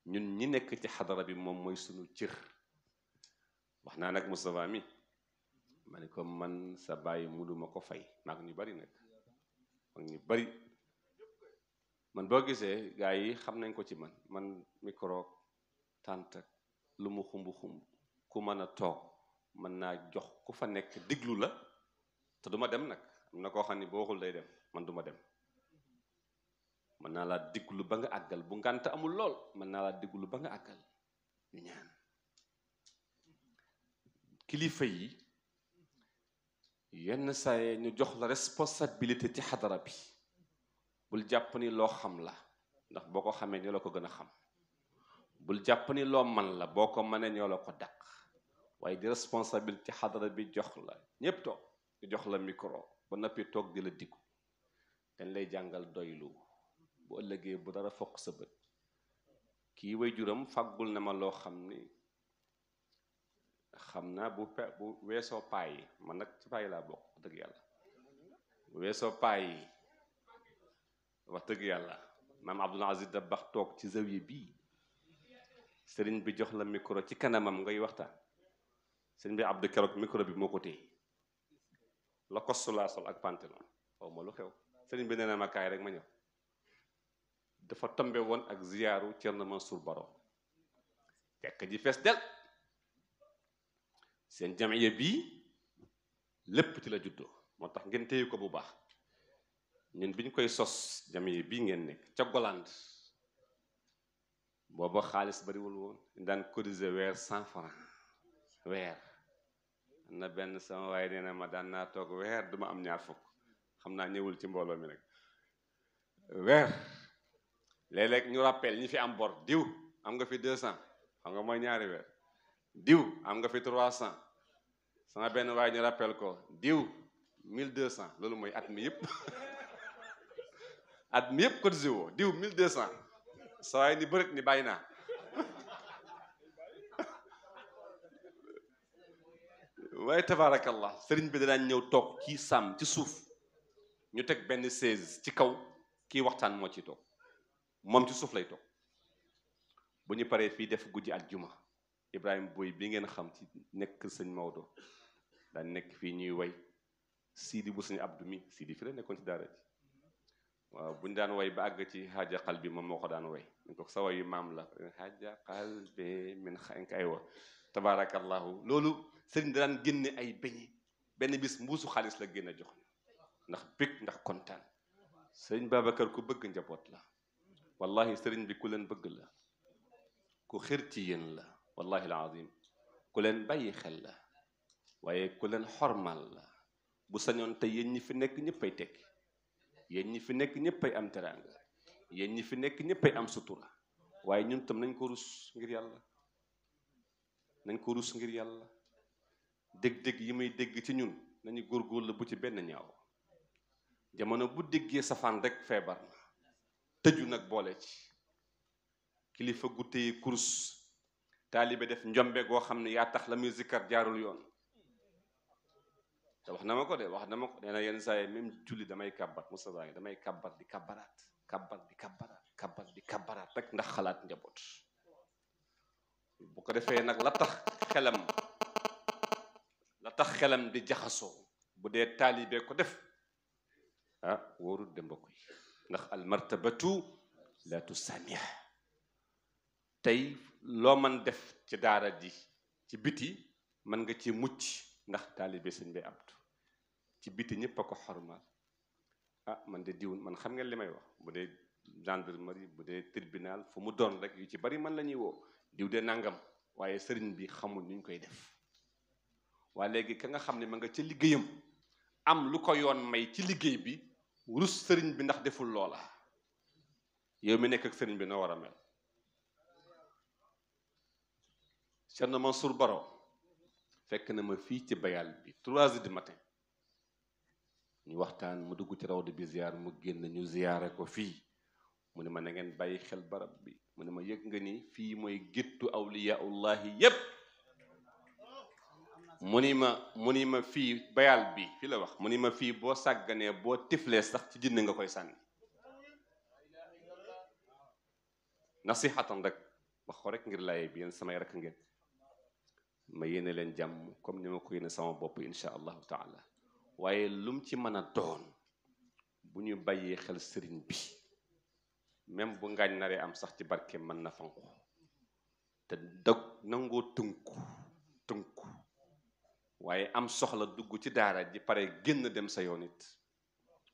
A: نون ني نيك تي حضره بي موم موي سونو نك مصطفى مي مانيكو مان سا باي مودو مكو فاي ماك ني بري نك ماك ني بري من بو غيسه غاي خامنن كو تي مان ميكروك Tante lu mu xumbu xumb ku meuna tok nakohani mën jox ku fa nek diglu la te duma dem nak amna ko xamni bo xul day dem man duma dem mën naa laa diglu ba nga agal bu ngant amul lol ba nga agal ñu ñaan kilifa yi yenn saye ñu jox la responsabilité ci bi bul japp ni lo xam la ndax boko ni la ko gëna xam bul jàpp ni loo man la boo ko mënee ñoo la ko dàq waaye di responsabilité xadara bi jox la ñépp toog jox la micro ba noppi toog di la diggu dañ lay jàngal doylu bu ëllëgee bu dara fokk sa bët kii way juram fàggul na ma loo xam ni xam na bu bu weesoo paay yi man nag ci paay laa bokk wax dëgg yàlla weesoo paay wax dëgg yàlla maam Abdul Aziz Dabakh toog ci zawiya bi sëriñ bi jox la micro ci kanamam ngay waxtaan sëriñ bi Abdou keroog micro bi moo ko téye la kostu laa sol ak pantalon xaw ma lu xew sëriñ bi nee na kaay rek ma ñëw dafa tombe woon ak ziyaaru Thierno Mansour Baro fekk ji fees del seen jamiya bii lépp ci la juddoo moo tax ngeen téye ko bu baax ñun biñ koy sos jamiya bii ngeen nekk ca Goland booba xaalis bariwul woon daan cotiser weer cent franc weer am na benn sama waaye nee na ma daan naa toog weer duma am ñaar fukk xam naa ñëwul ci mbooloo mi nag weer léeg-léeg ñu rappel ñi fi am bor diw am nga fi deux cent xam nga mooy ñaari weer diw am nga fi trois cent sama benn waaye ñu rappel ko diw mille deux cent loolu mooy at mi yëpp at mi yëpp cotiser woo diw mille deux cent صايني برتني باينه waaye tabaarakallah sëriñ bi danaa ñëw toog ci sàmm ci suuf ñu teg benn chaise ci kaw kii waxtaan moo ci toog moom ci suuf lay toog bu ñu paree fii def guddi aljuma Ibrahima Boye bi ngeen xam ci nekk sëñ Maodo daan nekk fii ñuy way Sidi bu sëñ Abdou mi Sidi fi la nekkoon ci daara ji waaw bu ñu daan way ba àgg ci xaaja xal bi moom moo ko daan way نقول سوا يمامله حاجة قلبي من خانك أيوة تبارك الله لولو سندران دران جن أي بني بني بس موسو خالص لجينا جخنا نخ بيك نخ كونتان سرين بابا كركو بق نجبوت لا والله سند بكلن بق لا لا والله العظيم كلن بي خلا وي كلن حرم الله بو سانيون تي ني في نيك ني بي تك yéen ñi fi nekk ñëppay am sutura waaye ñun tam nañ ko rus ngir yàlla nañ ko rus ngir yàlla dégg-dégg yi may dégg ci ñun nañu góorgóorlu bu ci benn ñaaw jamono bu déggee safaan rek feebar na tëju nag boole ci kilifa gu téye kurus taalibe def njombe goo xam ne yaa tax la muy zikkar jaarul yoon te wax na ma ko de wax na ma ko nee na yenn saa yi même julli damay kàbbat Moustapha damay kàbbat di kàbbaraat kàbbar di kàbbaraat kàbbar di kàbbaraat rek ndax xalaat njabot bu ko defé nak la tax xelam la tax xelam di jaxaso bu tali talibé ko def ah woru dem mbokk ndax al almartabatu la tusaamih tay lo man def ci dara ji ci biti man nga ci mucc ndax talibé abdu ci biti ñepp ko ah man de diwun man xam ngeen li may wax bu dee gendarmerie bu dee tribunal fu mu doon rek yu ci bari man la ñuy woo diw de nangam waaye sëriñ bi xamul nu koy def waaye léegi ka nga xam ne ma nga ca liggéeyam am lu ko yoon may ci liggéey bi rus sëriñ bi ndax deful loola yow mi nekk ak sëriñ bi noo war a mel Cheikh Mansour Baro fekk na ma fii ci bayal bi ñu waxtaan mu dugg ci rawde bi ziar mu génn ñu ziaré ko fii mu ne ma na ngeen bàyyi xel barab bi mu ne ma yëg nga ni fii mooy géttu awliyaullahi yépp mu ni ma mu ni ma fii bayal bi fi la wax mu ni ma fii boo sàgganee boo tiflee sax ci jinn nga koy sànni nasihatan rek wax ko rek ngir laay bi yéen samay rek ngeen ma yéene leen jàmm comme ni ma ko yéene sama bopp insha allahu taala waaye lum ci mën a doon bu ñu bàyyee xel sëriñ bi même bu ngaañ naree am sax ci barke mën na fanku te dag nangoo tënku tënku waaye am soxla dugg ci daara ji pare génn dem sa yoon it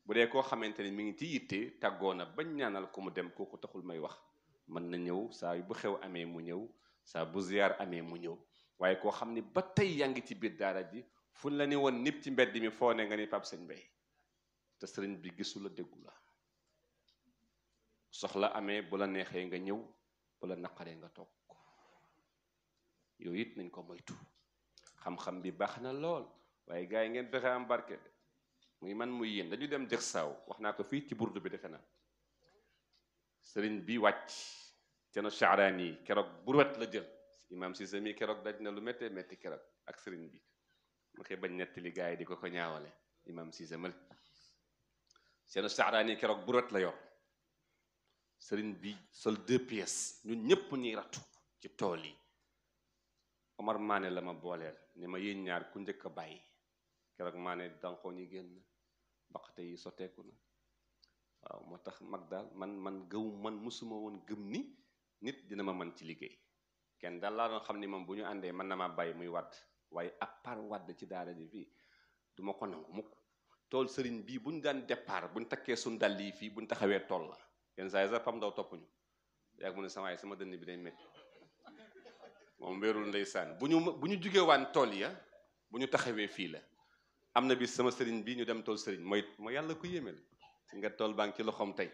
A: bu dee koo xamante ni mi ngi ci yitte tàggoo na bañ ñaanal ko mu dem kooku taxul may wax mën na ñëw saa bu xew amee mu ñëw saa bu ziyaar amee mu ñëw waaye koo xam ni ba tey yaa ngi ci biir daara ji fuñ la ni won nip ci mbedd mi foone nga ni pap sëñ bay te sëriñ bi gisul la déggu la soxla amé bu la nexé nga ñew bu la naqaree nga tok yoyit nañ ko moytu xam-xam bi baxna lool waye gaay ngeen fexe am barké muy man muy yeen dañu dem dex saw waxna ko fi ci burdu bi defena naa bi wacc ci na sha'rani kérok burwet la jël imam sisami kérok dajna lu metti metti kérok ak sëriñ bi ma koy bañ nettali gaay di ko ko ñaawale imam Cissé mal seen saxdaani keroog bu rat la yor sëriñ bi sol deux pièces ñun ñëpp ñuy rattu ci tool yi Omar Mané la ma booleel ni ma yéen ñaar ku njëkk a bàyyi Mané dankoo ñi yi na waaw moo mag man man gëw man musuma woon gëm ni nit dina ma man ci liggéey kenn daal laa doon xam ni moom bu man na maa muy waaye ak par wadd ci daara ji fii du ma ko nangu mukk tool sëriñ bii bu ñu daan départ bu ñu takkee suñ dàll yi fii bu ñu taxawee tool la yenn saa yi sax pam ndaw topp ñu yaa mu sama sama dënn bi day métti moom wéerul ndeysaan bu ñu bu ñu jugee waan tool ya bu ñu taxawee fii la am na bi sama sëriñ bii ñu dem tool sëriñ mooy moo yàlla ku yéeme la si nga tool baa ngi ci loxoom tey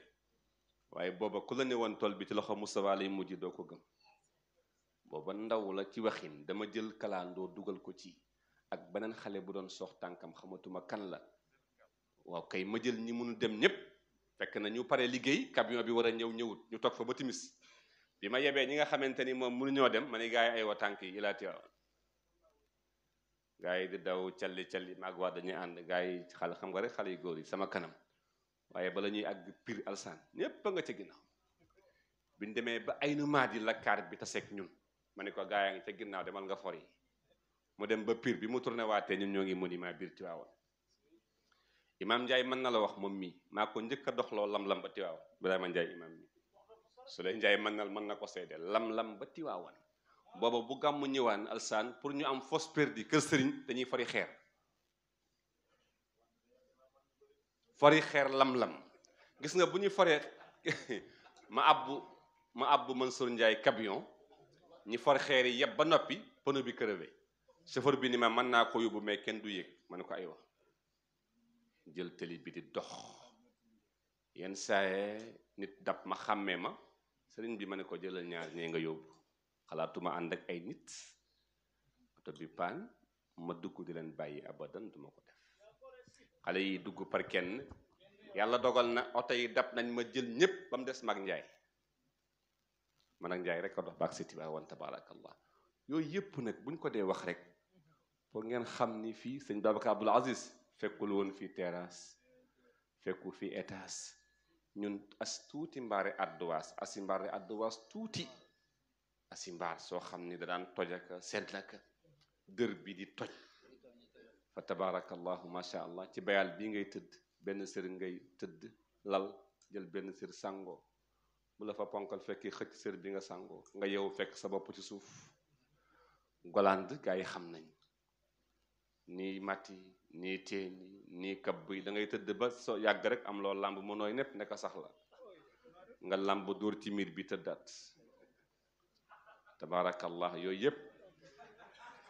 A: waaye booba ku la ne woon tool bi ci loxo Moustapha lay mujj doo ko gëm booba ndaw la ci waxin dama jël kalando dugal ko ci ak benen xalé bu doon sox tankam xamatuma kan la waaw kay ma jël ñi mënu dem ñep fekk na ñu paré liggéey camion bi wara ñew ñewut ñu tok fa ba timis bima yebé ñi nga xamanteni ni mënu ñoo dem mané gaay ay wa tànk yi ilaa gaay di daw cialli cialli mag wa dañuy and gaay xal xam nga rek yi sama kanam waye bala ñuy ag pir alsan ñep nga ci ginnaw biñ ba aynu nu bi taseeg ñun mané ko gaay nga ca ginnaw demal nga fori mu dem ba pir bi mu tourné waté ñun ñogi monument bir tiwaaw imam jay man na la wax mom mi maa ko njëkk a lam-lam ba tiwaawoon ibrahima jay imam mi su lay njaay mën nal man na ko sédé lam-lam ba tiwaaw bobo bu gam ñëwaan alsan pour ñu am fos perdi keur serigne dañuy fari xeer fari xeer lam-lam gis nga buñu ñu ma abbu ma abbu Mansour ndjay camion ñi for xeer yi yeb ba noppi pono bi crevé chauffeur bi ni ma man na ko yobu mais kenn du yëg man ko ay wax jël télé bi di dox yeen saay nit dab ma xamé ma sëriñ bi mané ko jëlal ñaar ñee nga yobu xalaatuma and ak ay nit auto bi pan ma dugg di len bayyi abadan duma ko def xalé yi dugg par kenn yalla dogal na auto yi dab nañ ma jël bam dess mag njaay man ak njaay rek a dox tiba wa tabarak allah yoy yep nak buñ ko de wax rek pour ngeen xam ni fi seigne Babacar Abdoul Aziz fekkul won fi terrasse fekku fi étage ñun as touti mbare adwas as mbare adwas touti as mbaar so xamni da dan toj ak sedd ak deur bi di toj fa ma sha allah ci bayal bi ngay teud ben sër ngay teud lal jël ben sir sango bu la fa ponkal fekki xëcc sër bi nga sango nga yow fekk sa bop ci suuf golande ni mati ni teeni ni kabbu da ngay ba so yag rek am lo lamb mo noy nepp naka sax la nga lamb dur ci miir bi tëddaat tabarakallah yoy yep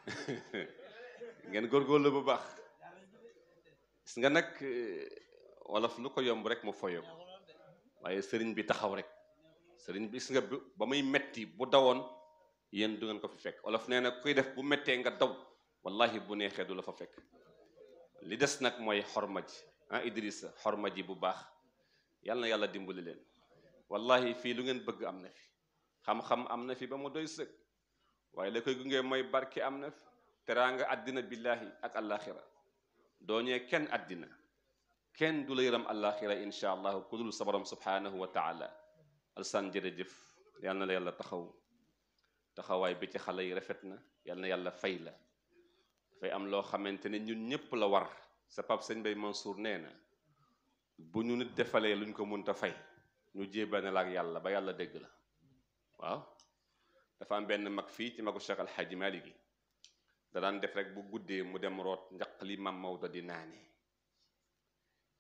A: ngeen lu bu baax gis nga nag eh, wolof lu ko yomb rek mu foyo waye serigne bi taxaw rek sëriñ bi gis nga ba muy metti bu dawoon yéen du ngeen ko fi fekk olof nee na kuy def bu mettee nga daw wallahi bu neexee du la fa fekk li des nag mooy xorma ji ah ji bu baax yal yàlla dimbali leen wallahi fii lu ngeen bëgg am na fi xam-xam am na fi ba mu doy sëg waaye la koy gunge mooy barke am na fi teraanga àddina billahi ak àllaaxira dooñee kenn àddina kenn du la yëram àllaaxira insha allahu ku dul sa borom subhanahu wa taala alsan jërëjëf yalna la yàlla taxaw taxaway bi ci xale yi rafet na yàlla fay la fay am lo xamante ñun ñëpp la war sa pap seigne bey Mansour neena bu ñu nit defalé luñ ko mënta fay ñu jébané la ak yàlla ba yàlla dégg la waaw dafa am ben mag fi ci magu Cheikh Alxaaji Maalik gi da dan def rek bu guddé mu dem rot ñak li mam mawda di nani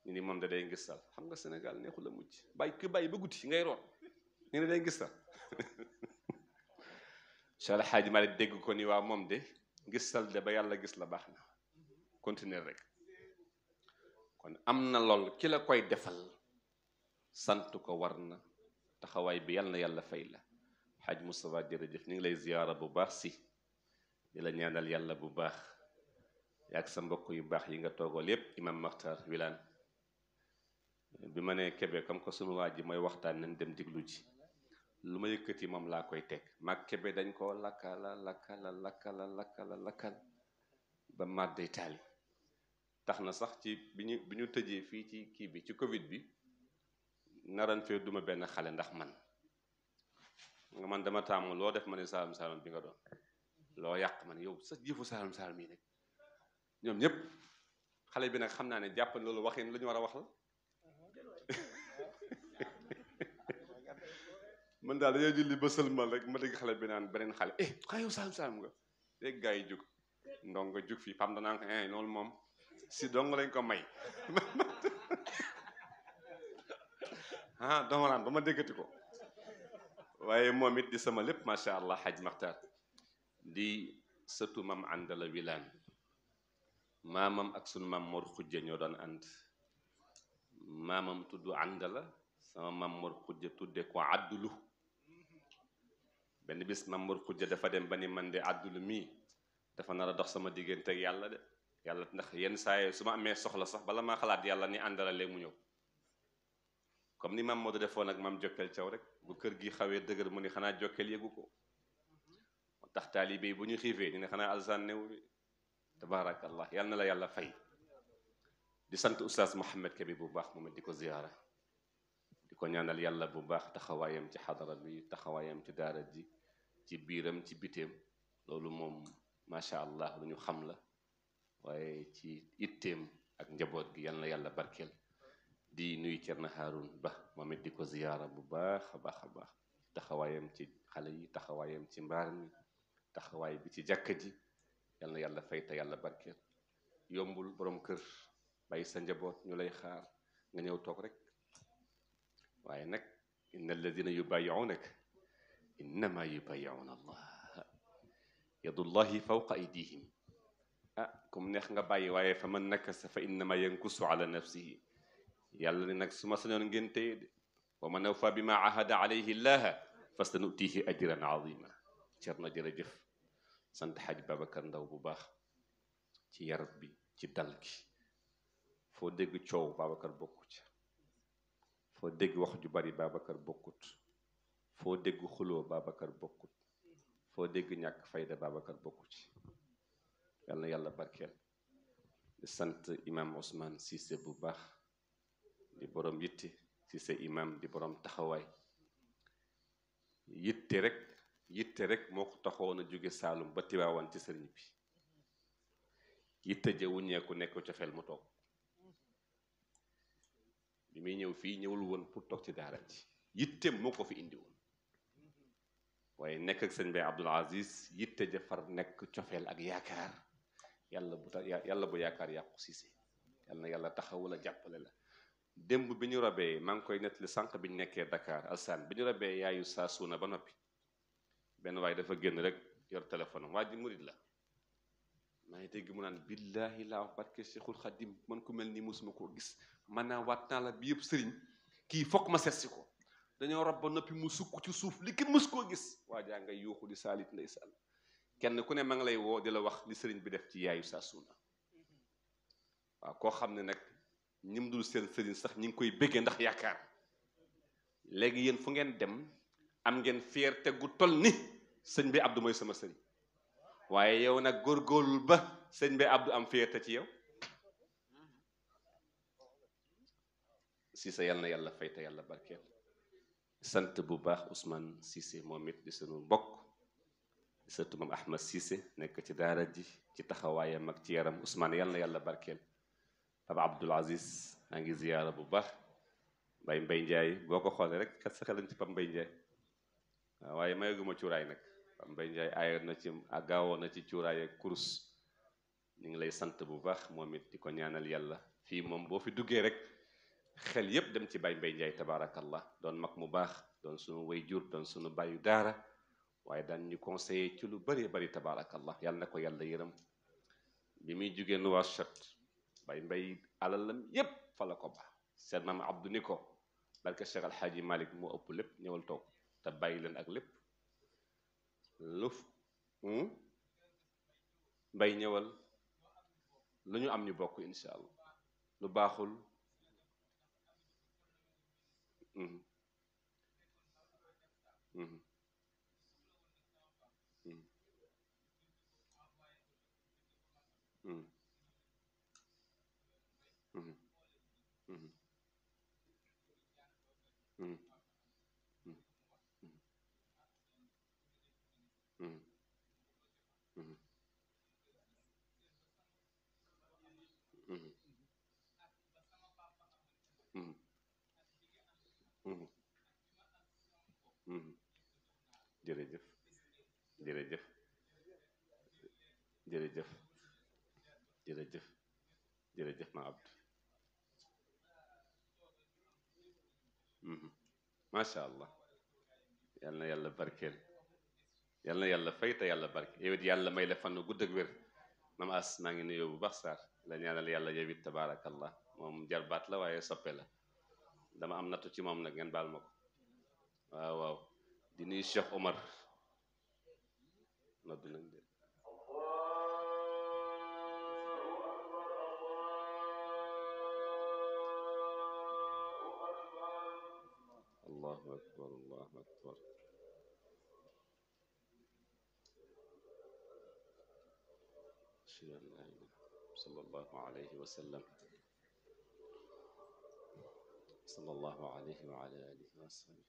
A: ni mom da day ngissal xam nga Sénégal neexu la mucc bay ku bay ba guddi ngay rot ñu ne day gistal Cheikh El Hadj Malick dégg ko ni waa moom de gistal de ba yàlla gis la baax na continuer rek kon am na lool ki la koy defal sant ko war na taxawaay bi yàlla na yàlla fay la Hadj Moustapha jërëjëf ñu ngi lay ziyaara bu baax si di la ñaanal yàlla bu baax yaag sa mbokk yu baax yi nga toogool yépp imam Makhtar Wilane bi ma nee Kébé comme que sunu waa ji mooy waxtaan nañ dem diglu ji lu ma yëkkati moom laa koy teg mag kebe dañ koo lakkala lakkala lakkala lakkala lakkal ba màdd itaali tax na sax ci bi ñu bi ñu tëjee fii ci kii bi ci covid bi naran fee duma benn xale ndax man nga man dama taamu loo def ma ne saalum saalum bi nga doon loo yàq ma ne yow sa jëfu saalum saalum yi nag ñoom ñëpp xale bi nag xam naa ne jàpp loolu waxin lañu war a wax la man jadi dañoo julli ba mal rek ma deg xale bi naan xale eh xaa yow sam-sam nga dégg gay juk ndong nga pam danaan eh lol mom, si dong lañ ko may ah dongalaan lan ma déggati ko waye momit di sama lepp allah haj maktar di setu mam andala wilan. mamam ak sun mam mor xujje ñoo doon and mamam tuddu andala sama mam mor xujje tudde ko ben bis mam mor xujja dafa dem bani man de adul mi dafa nara dox sama digeent ak yàlla de yàlla ndax yeen say suma amé soxla sax bala ma xalat yàlla ni àndalalee mu ñëw comme ni mam Modou defo nak mam Jokkel ciow rek bu keur gi xawé dëgër mu ni xana Jokkel yeguko ko moo tax taalibe bu ñu xifé ni xana xanaa alsaan newu bi tabaarakallah yalla na la yàlla fay di sant oustaz mohammed Kébé bu baax mu diko ziyara diko ñaanal yàlla bu baax taxawayam ci hadara bi taxawayam ci daara ji ci biiram ci biteem loolu moom macha allah lu ñu xam la waaye ci itteem ak njaboot gi yal na yàlla barkeel di nuyu Cerno Haarun Ba moom it di ko ziyaara bu baax a baax a baax taxawaayam ci xale yi taxawaayam ci mbaar mi taxawaay bi ci jàkka ji yal na yàlla fay te yàlla barkeel yombul boroom kër bàyyi sa njaboot ñu lay xaar nga ñëw toog rek waaye nag yu alladina yubayiunaka إنما يبيعون الله يد الله فوق أيديهم آه، كم نحن باي واي فمن نكس فإنما ينكس على نفسه يلا نكس ما سنون ومن أوفى بما عهد عليه الله فسنؤتيه أجرا عظيما شرنا جرجف سنت حاج بابا كان داو بباخ يا ربي تي دالكي فو ديغ تشو بابا كار فو ديغ واخ باري بابا كار foo dégg xuloo Babacar bokkut foo dégg ñàkk fayda Babacar bokkut ci yal yàlla barkeel di sant imam Ousmane Cissé bu baax di borom yitte Cissé imam di borom taxawaay yitte rek yitte rek moo ko taxoon a jóge Saalum ba Tiwaawan ci sëriñ bi yitte ja wuññeeku nekk cofeel mu toog bi muy ñëw fii ñëwul woon pour toog ci daara ji yitteem moo ko fi indi waye nek ak sëñ Baye Abdoul Aziz yitte jafar nekk cofeel ak yaakaar yàlla bu yàlla bu yaakaar yàqu siise yàlla yàlla taxawu jàppale la démb bi ñu robee koy nettali sànq bi ñu Dakar alsaan bi ñu yaayu saa ba noppi benn waaye dafa génn rek yor téléphone am waa la maa ngi dégg mu naan billaahi laa barke Cheikhul Khadim man ku mel ni mosuma gis man naa waat la bi yëpp sëriñ kii foog ma seet dañoo rab ba noppi mu sukk ci suuf li kenn mës koo gis waa jaa nga yuuxu di saalit ndeysaan kenn ku ne ma ngi lay woo di la wax li sëriñ bi def ci yaayu saa suuna waaw koo xam ne nag dul seen sëriñ sax ñi koy ndax yaakaar léegi yéen fu ngeen dem am ngeen fierté gu toll ni sëñ bi abdou mooy sama sëriñ waaye yow nag góorgóorlul ba sëñ bi abdou am fierté ci yow si sa yàlla na yàlla fay te sante bu baax Ousmane Cissé momit di sunu mbokk di sant moom Ahmed Cissé nek ci daara ji ci taxawaye mak ci yaram Ousmane yalla yalla barkel abdul Aziz maa ngi ziyaara bu baax Mbaye Mbaye Ndiaye boko ko rek kat sa xelam ci Pam Mbaye Ndiaye ah, waaye mayaguma cuuraay nak Pam Mbaye Ndiaye aayoon na ci gaawoon na ci cuuraay ak kurus ñu ngi lay sante bu baax momit diko ñaanal yalla fi mom bo fi duggé rek xel yépp dem ci Baye Mbaye Ndiaye tabaarakallah doon mag mu baax doon sunu wayjur doon sunu bàyyu daara waaye daan ñu conseiller ci lu bëree bëri tabaarakallah yàlla na ko yàlla yërëm bi muy jugee Nouakchott Baye Mbaye alalam yépp fa la ko baax seen maam Abdou ni ko barke Cheikh Al Hadji Malick moo ëpp lépp ñëwal toog te bàyyi leen ak lépp lu mbay ñëwal lu ñu am ñu bokk incha allah lu baaxul Mm-hmm. شاء الله يلا يلا بركيل يلا يلا فايتا يلا برك يود إيه يلا ما يلفنو قدك بير نم أسمعني نيو بخسر لأن يلا يلا, يلا يبي تبارك الله مم جربت له ويا سبلا دم أمنا تشي مم نعند بالمك واو واو ديني الشيخ عمر نبي نعند
B: الله أكبر الله أكبر
A: أشهد أن لا إله صلى الله عليه وسلم صلى الله
B: عليه وعلى آله وصحبه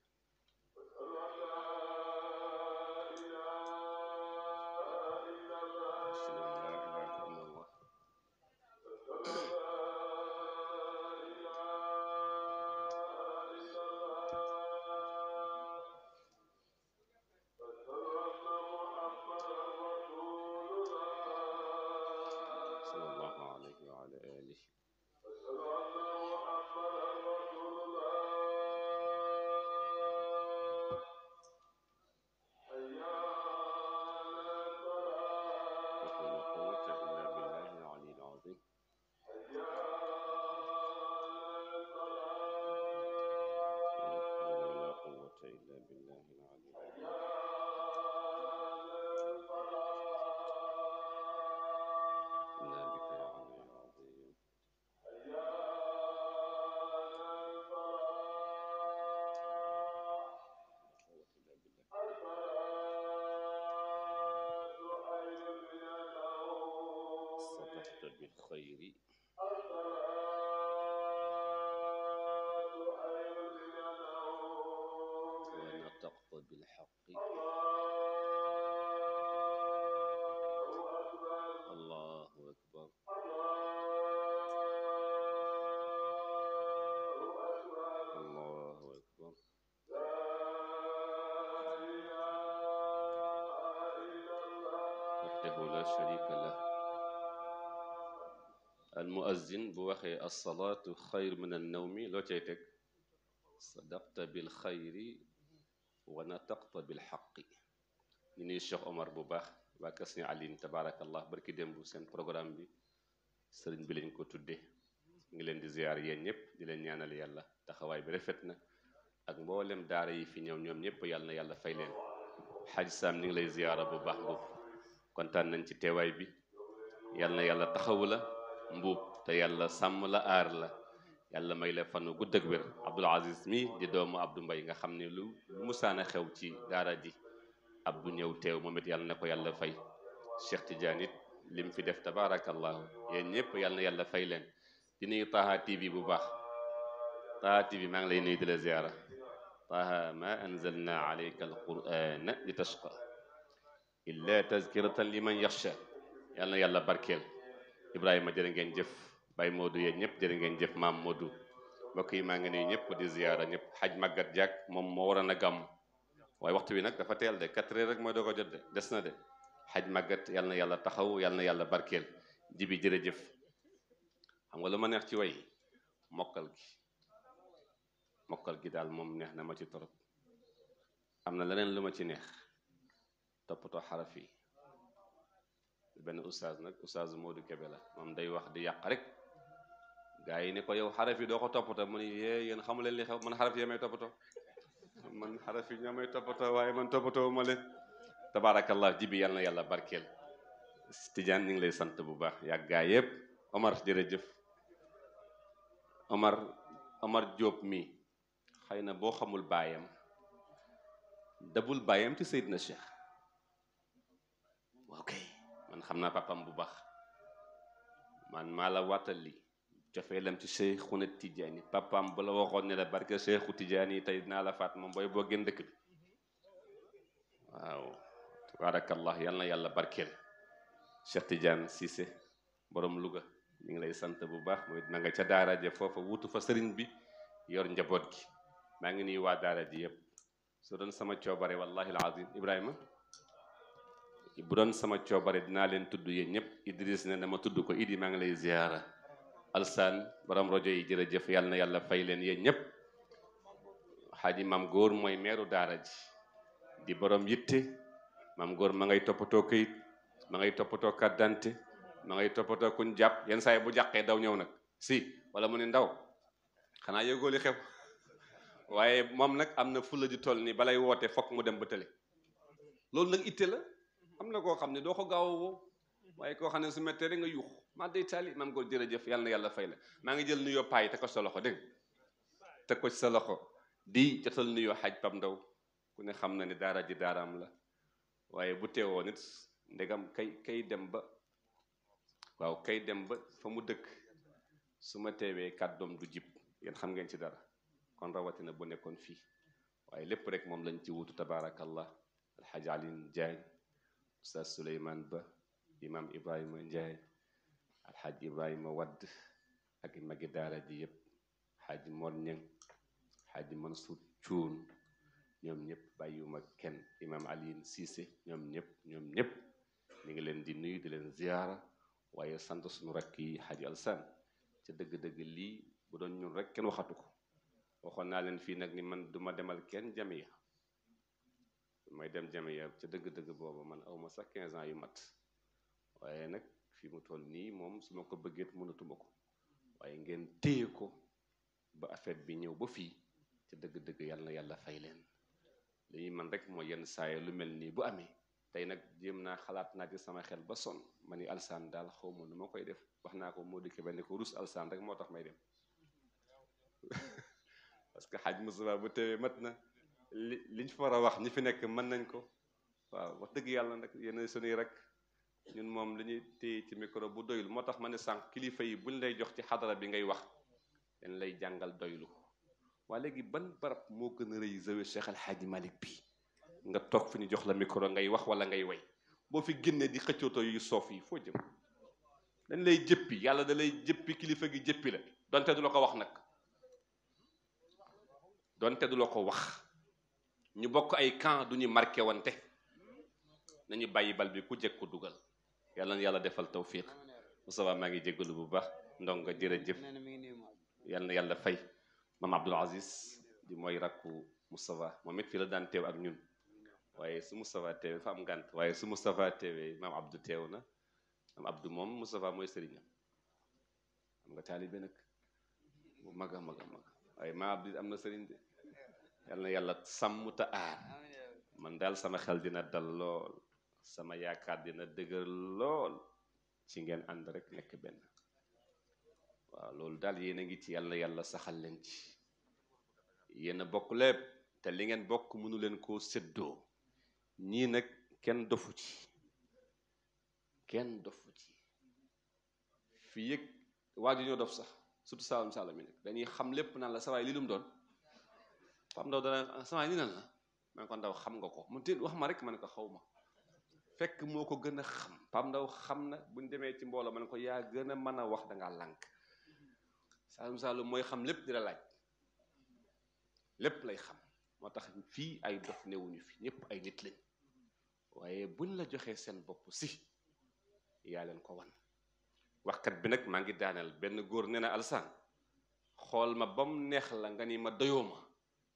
B: أشهد أن الخير
A: ونطقت بالحق الله أكبر الله أكبر وحده لا شريك له المؤذن بوخي الصلاة خير من النوم لوتيتك صدقت بالخير ونطقت بالحق ني الشيخ عمر بوباخ وكسني علي تبارك الله بركي ديم بو سين بروغرام بي سيرن بي لنجكو تودي نغي لين دي زيار يين نيب دي لين نيانال يالا تخاواي بي رفتنا اك مبولم دار يي في نيو نيوم نيب يالنا يالا فاي لين حاج سام نغي لي زياره بوباخ بو كونتان نانتي تيواي بي يالنا يالا تخاولا mbuub te yàlla sàmm la aar la yàlla may la fanu gudd ak wér Abdoul Aziz mi di doomu Abdou Mbaye nga xam lu musana xew ci dara di Abdou ñëw tew momit yàlla nako yàlla fay Cheikh Tidiane lim fi def allah yéen ñep yàlla yàlla fay len di nuyu Taha TV bu bax Taha TV ma ngi lay nuyu dile la Taha ma anzalna alayka alquran litashqa illa tazkiratan liman yakhsha yàlla yàlla barkel Ibrahima jërë ngeen jëf Baye Modou yéen ñëpp jërë ngeen jëf maam Modou mbokk yi maa ngi ne ñëpp di ziyaara ñëpp xaj màggat jàkk moom moo waroon a gàmm waaye waxtu wi nag dafa teel de quatre heures rek mooy doo ko jot de des na de xaj màggat yal na yàlla taxaw yal na yàlla barkeel jibi jëf xam nga lu ma neex ci way mokkal gi mokkal gi daal moom neex na ma ci torop am na leneen lu ma ci neex toppatoo xaraf yi benn oustaz nag oustaz Modou Kébé la moom day wax di yàq rek gaa yi ni ko yow xaraf yi doo ko toppatoo mu ne yee yéen xamu leen li xew man xaraf yi may toppatoo man xaraf yi ñoo may toppatoo waaye man toppatoo ma leen tabaarakallah jibi yal na yàlla barkeel Tidiane ñu ngi lay sant bu baax yàgg gaa yëpp Omar jërëjëf Omar Omar Diop mi xëy na boo xamul baayam dabul baayam ci Seydina Cheikh waaw kay man xam naa papam bu baax man maa la waatal li cofeelam ci Seexuna Tijaani papam bu la waxoon ne la barke Seexu Tijaani tey dinaa la faat moom booy boo gën dëkk bi waaw tabaarakallah allah na yàlla barkeel Cheikh Tidiane Cissé borom Louga ñu ngi lay sant bu baax mooy na nga ca daara ja foofa wutu fa sëriñ bi yor njaboot gi maa ngi nuyu waa daara ji yëpp soo doon sama coobare wallahi alazim Ibrahima bu doon sama coobare dinaa leen tudd yéen ñëpp Idriss ne dama tudd ko Idi maa ngi lay ziyaara alsaan rajo yi jërëjëf yàlla na yàlla fay leen yéen ñëpp xaaji maam góor mooy meeru daara ji di borom yitte maam góor ma ngay toppatoo këyit ma ngay toppatoo kàddante ma ngay toppatoo kuñ jàpp yenn saay bu jàqee daw ñëw nag si wala mu ne ndaw xanaa yëgoo li xew waaye moom nag am na fulla ju toll nii balay woote fokk mu dem ba tële loolu nag itte la am na koo xam ne doo ko gaaw woo waaye koo xam ne su méttee rek nga yux ma day taali maam ko jërëjëf yàlla na yàlla fay la maa ngi jël nuyoo paay te ko sa loxo dégg te ko sa loxo di jotal nuyoo xaj pam ndaw ku ne xam na ne daara ji daaraam la waaye bu teewoo nit ndegam kay kay dem ba waaw kay dem ba fa mu dëkk su ma teewee kàddoom du jib yéen xam ngeen ci dara kon rawatina bu nekkoon fii waaye lépp rek moom lañ ci wutu tabaarakallah alxaj alin Diagne Oustaz Souleymane Ba imam Ibrahima Ndiaye alxaaj Ibrahima Wadd ak magi daara ji yëpp xaaj Mor Ñeng xaaj Mansour Cuun ñoom ñëpp bàyyiwuma kenn imam Alioune Cissé ñoom ñëpp ñoom ñëpp ñu ngi leen di nuyu di leen ziyaara waaye sant suñu rekk yi xaaj Alsaan ca dëgg-dëgg lii bu doon ñun rek kenn waxatu ko waxoon naa leen fii nag ni man duma demal kenn jamiya may dem jamiya ci deug deug bobu man awma ma sax 15 ans yu mat waye nak fi mu toll ni mom su ma ko bëggee mënatuma ko waaye ngeen téye ko ba affaire bi ñëw ba fi ci deug deug yàlla yàlla fay leen li man rek mo yenn saay lu melni bu amé tay nak jëm na xalaat na ci sama xel ba son mani alsan dal xawmu xaw nu ma koy def waxna ko modi ke kebe ko rus alsan rek moo tax may dem parce que xaaj Moussa bu tewé matna liñ fa war wax ñi fi nekk mën nañ ko waaw wax dëgg yàlla nag yéen suñuy rek ñun moom li ñuy téye ci micro bu doyul moo tax ma ne sànq kilifa yi buñ lay jox ci xadara bi ngay wax dañ lay jàngal doylu waa léegi ban barab moo gën a rëy zawe Cheikh El Hadji Malick bi nga toog fi ñu jox la micro ngay wax wala ngay way boo fi génne di xëccooto yu soof yi foo jëm dañ lay jëppi yàlla da lay jëppi kilifa gi jëppi la donte du la ko wax nag donte du la ko wax ñu bokk ay camp duñu marqué wante nañu bàyyi bal bi ku jëkk ko duggal yàlla na yàlla defal tawfiq Moustapha ma ngi jégalu bu baax ndonga jërëjëf yàlla na yàlla fay mam Abdoul Aziz di moy rakku Moustapha moom it la daan teew ak ñun waye su Moustapha teewee fa am gant waye su Moustapha teewee mam Abdou teew na mam Abdou mom Moustapha moy serigne xam nga talibé nak bu maga maga maga a mam Abdou amna serigne Yalla yalla sammu ta te aar ah, iya, man dal sama xel dina dal lol sama yaakaar dina deugal lol ci ngeen and rek nek ben wa lol dal yeena ngi ci yalla yalla saxal len ci yeena a bokk lépp te li ngeen bokk munu len ko seddo ni nak ken dofu ci ken dofu ci fi yek waji ñu dof sax surtout dañuy xam lepp nan la saway li lum doon Pam Ndaw dana eh, sama ni nan la ma ne ko Ndaw xam nga ko mu te wax ma rek ma ne ko xaw ma fekk moo ko gën a xam Pam Ndaw xam na bu buñ demee ci mbooloo ma ne ko yaa gën a mën a wax da lànk Saalum Saalum mooy xam lépp di laaj lépp lay xam moo tax fii ay dof newuñu ñëpp ay nit lañ waaye buñ la joxee seen bopp si leen ko wan waxkat bi nag maa ngi daaneel benn góor nee na alsaan xool ma ba neex la nga nii ma doyoo ma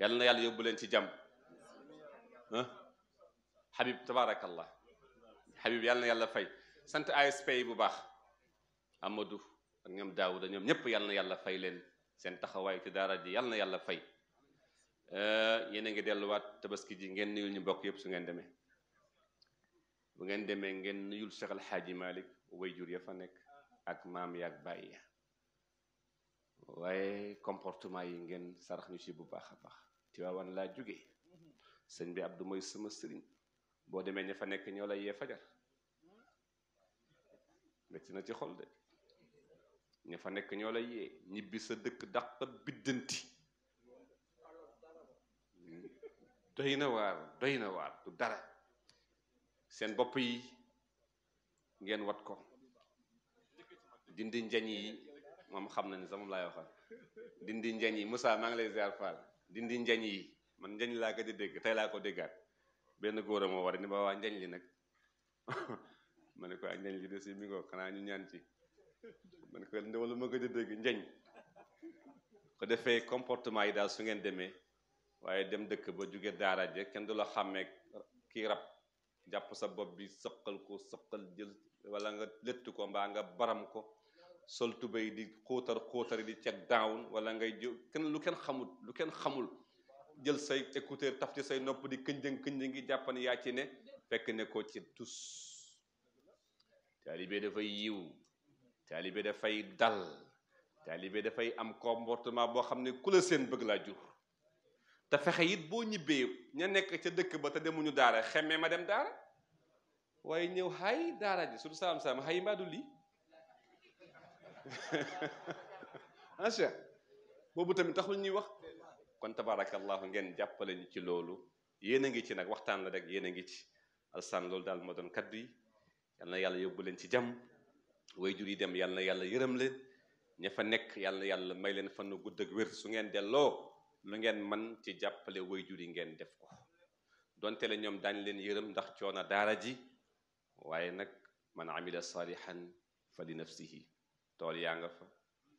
A: يالنا يالي يبلين تجمع حبيب تبارك الله حبيب يالنا يالا في سنت عايز في بباخ أمدو نعم داود نعم نحب يالنا يالا في لين سنت خواي تدارا دي يالنا يالا في آه، ينعك دلوات تبسكي جنجن يل نبقي يبس عند مه بعند مه عند يل شغل حاجي مالك ويجوري فنك أكمام يك بايا وي كمبورتو ما ينعن سرخ نشيب بباخ بباخ Tiwaawan laa jóge sëñ bi Abdou mooy sama sëriñ boo demee ña fa nekk ñoo la yee fajar metti na ci xol de ña fa nekk ñoo la yee ñibbi sa dëkk dàq biddanti doy na waar doy na waar du dara seen bopp yi ngeen wat ko dindi njañ yi moom xam na ni sama moom laay waxal dindi njañ yi musaa maa ngi lay ziar Fall dindi njañ yi man njañ la ko di deg tay la ko degat ben goor mo war ni ba wa njañ li nak ma ko ah, njañ li de si mi ko kana ñu ñaan ci man ko ndewal ma ko di deg njañ ko defé comportement yi daal su ngeen démé waaye dem dëkk ba juggé daara je kenn du la xàmmee kii rab sa bopp bi sokkal ko sokkal jël wala nga lettu ko mbaa nga baram ko sol tubéy di xóotar xóotari di cet down wala ngay jël kenn lu kenn xamul lu kenn xamul jël say écouteur taf ci say nopp di kënjëng kënjëng gi jàppan yaa ci ne fekk ne ko ci tus taalibe dafay yiw taalibe dafay dal taalibe dafay am comportement boo xam ne ku la seen bëgg laa jur te fexe it boo ñibbee ña nekk ca dëkk ba te demuñu daara xemmee ma dem daara waaye ñëw hay daara ji suñu saam-saam hay mbaadu lii ah boobu
B: tamit taxul ñuy wax
A: kon tabarakallahu ngeen jàppale ñu ci loolu yéen a ngi ci nag waxtaan la rek yéen a ngi ci alsan loolu daal ma bi kaddu yal na yàlla yóbbu leen ci jàmm way jur yi dem yal na yàlla yërëm leen ña fa nekk yàlla yàlla may leen fan gudd ak wér su ngeen delloo lu ngeen man ci jàppale way jur yi ngeen def ko donte la ñoom daañ leen yërëm ndax coono daara ji waaye nag man amila salihan fa li nafsihi tool yaa nga fa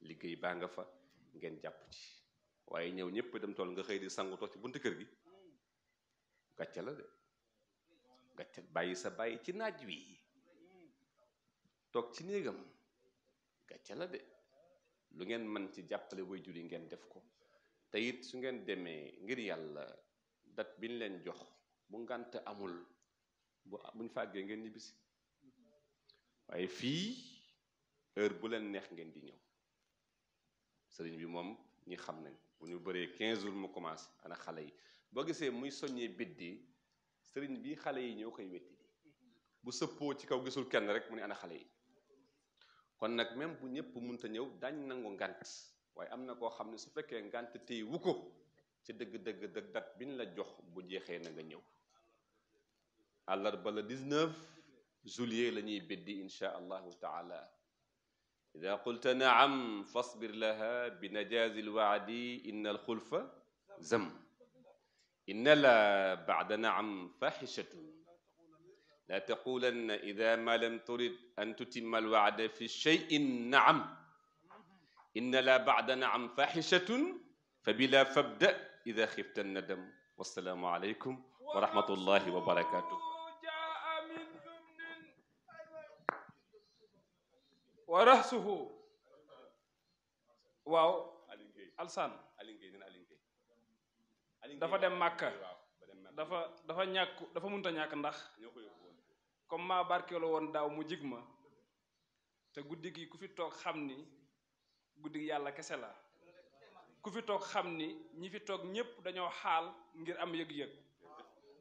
A: liggéey baa nga fa ngeen jàpp ci waaye ñëw ñëpp dem tool nga xëy di sangu toog ci bunt kër gi gàcce la de gàcce bàyyi sa bàyyi ci naaj wi toog ci néegam gàcce la de lu ngeen mën ci jàppale waajur yi ngeen def ko te it su ngeen demee ngir yàlla dat biñ leen jox bu ngànt amul bu buñ fàggee ngeen ñibbisi waaye fii heure bu leen neex ngeen di ñëw sëriñ bi moom ñi xam nañ bu ñu bëree 15 jours mu commencé ana xale yi boo gisee muy soññee biddi sëriñ bi xale yi ñoo koy wetti bu sëppoo ci kaw gisul kenn rek mu ne ana xale yi kon nag même bu ñëpp mënta ñëw dañ nangu ngant waaye am na koo xam ne su fekkee ngant tey wu ko ci dëgg-dëgg dëgg dat biñ la jox bu jeexee na nga ñëw àllarba la 19 juillet la ñuy biddi incha allahu taala إذا قلت نعم فاصبر لها بنجاز الوعد إن الخلف زم إن لا بعد نعم فاحشة لا تقولن إذا ما لم ترد أن تتم الوعد في شيء نعم إن لا بعد نعم فاحشة فبلا فابدأ إذا خفت الندم والسلام عليكم ورحمة الله وبركاته
B: wa rahsuhu waaw alsan dafa dem makka dafa dafa ñàkku dafa munta ñàkk ndax comme maa barkeelu woon daaw mu jig ma te guddi ku fi toog xam ni guddi yàlla la ku fi toog xam ñi fi dañoo xaal ngir am yëg-yëg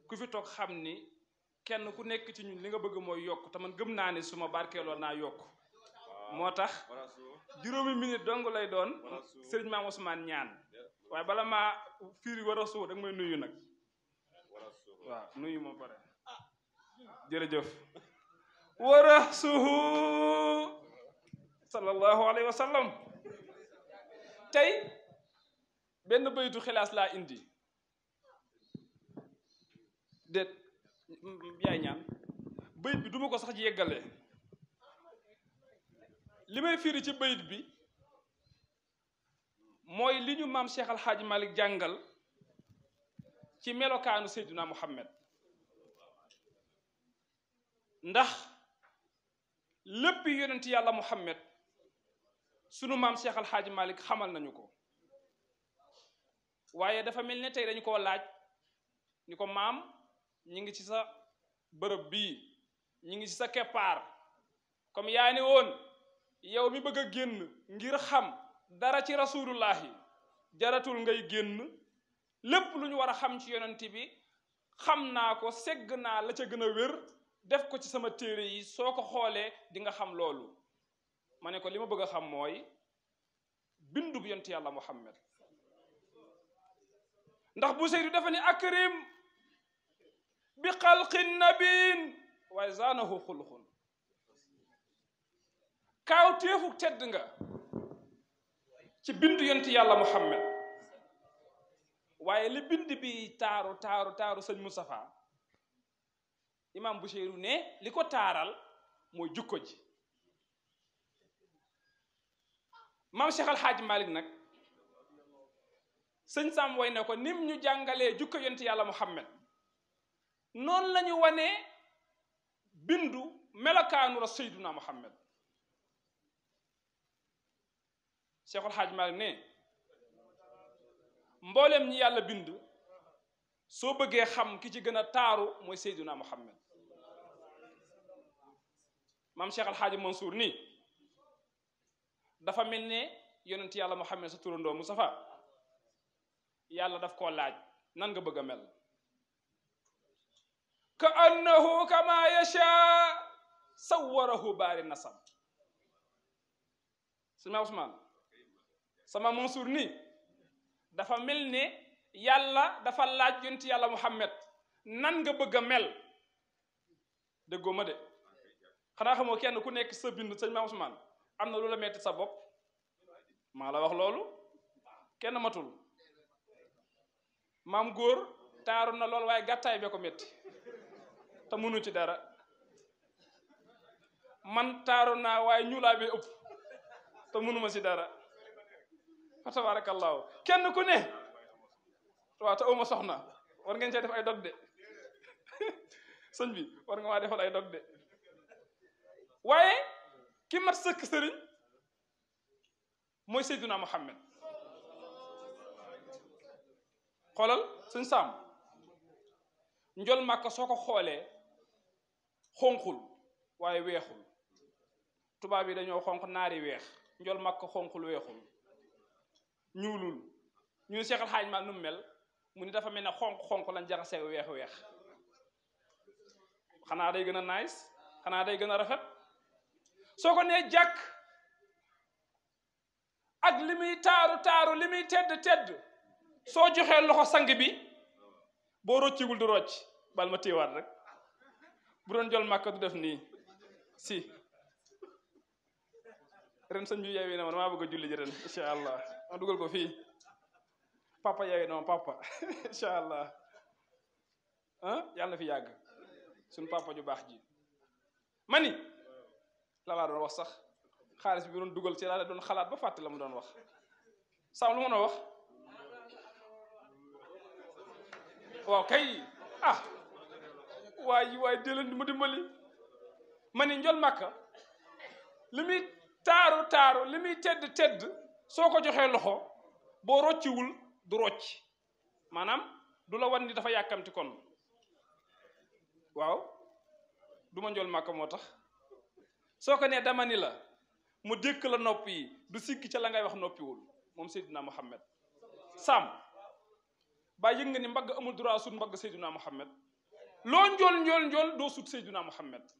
B: ku fi toog xam ni kenn ku nekk ci ñun li nga bëgg mooy man gëm ni motax juroomi minute dong lay doon serigne mam Ousmane ñaan waaye bala ma firi wa rasul dag may nuyu nak wa nuyu mo pare jere jeuf wa suhu sallallahu alaihi wasallam. tay ben benn khilas la indi det yaay ñaan bayt bi duma ko sax yegalé li may fiir ci bayit bi mooy li ñu maam Cheikh Al malik jàngal ci melokaanu Seydina Muhammad ndax lépp yonent yàlla Muhammad sunu maam Cheikh Al malik xamal nañu ko waaye dafa mel ne tey dañu koo laaj ñu ko maam ñu ngi ci sa bërëb bii ñu ngi ci sa keppaar comme yaa ne woon. yow mi bëgg a génn ngir xam dara ci rasulullahi jaratul ngay génn lépp lu ñu war a xam ci yonent bi xam naa ko segg naa la ca gën a wér def ko ci sama téere yi soo ko xoolee di nga xam loolu ma ne ko li ma bëgg a xam mooy bindu bu yonent yàlla muhammad ndax bu seydu dafa ni akrim bi xalqin nabiin waaye zaanahu xulqun kaaw téefuk tedd nga ci bindu yonent yàlla muhammad waaye li bind bi taaru taaru taaru sëñ Moustapha imam Boucheyri ne li ko taaral mooy jukko ji maam Cheikh Alhaaji Malick nag sëñ Sam way ne ko nim ñu jàngale jukko yonent yàlla muhammad noonu la ñu wanee bindu melokaanu ra seyduna muhammad Cheikhul Hadj Malick ne mbooleem ñi yàlla bind soo bëggee xam ki ci gën a taaru mooy Seydina Muhammad maam Cheikh Al Hadj ni dafa mel ne yonent yàlla Muhammad sa turandoo mu Mustafa yàlla daf koo laaj nan nga bëgg a mel ka annahu kama yasha sawwarahu baari nasam sëñ Ousmane sama Mansour nii dafa mel ne yàlla dafa laaj yonti yàlla Muhammad nan nga bëgg a mel déggoo ma de xanaa xamoo kenn ku nekk sa bind sëñ Maam Ousmane am na lu la metti sa bopp maa la wax loolu kenn matul maam góor taaru na lool waaye gàttaay be ko metti te mënu ci dara man taaru naa waaye ñuulaa bee ëpp te mënuma ci dara fa tabaarakallaahu kenn ku ne waaw te uma soxna war ngeen cee def ay dog de sëñ bi war nga maa ay dog de waaye ki mat sëkk mooy Seydina Muhammad xoolal suñ saam njol màkk soo ko xoolee xonqul waaye weexul tubaab yi dañoo xonq naari weex njol màkk xonqul weexul ñuulul ñu ne xaaj Al Hadj mel mu ni dafa mel ne xonq-xonq lañ jaxase weex weex xanaa day gën a nice xanaa day gën a rafet soo ko nee jàkk ak li muy taaru taaru li muy tedd soo joxee loxo sang bi boo roccigul du rocc bal ma téewaat rek bu doon jol màkka du def nii si ren sëñ bi yeewi na ma damaa bëgg a julli ren incha allah ma dugal ko fii papa yaa ngi noonu papa incha allah ah yàlla na fi yàgg suñ papa ju baax ji mani la doon wax sax xaalis bi doon dugal ci laa doon xalaat ba fàtte la mu doon wax sam lu mu doon wax waaw kay ah waaye waaye délen di ma dimbali njol màkka li muy taaru taaru li muy tedd tedd soo ko joxee loxo boo rocciwul du rocc maanaam du la wan ni dafa yàkkamti kon waaw du ma njool màkka moo tax soo ko nee dama ni la mu dékk la nopp yi du sikki ca la ngay wax noppiwul moom Seydina Muhammad sàmm baa yëg nga ni mbagg amul droit sut mbagg Seydina Muhammad loo njool njool njool doo sut Seydina Muhammad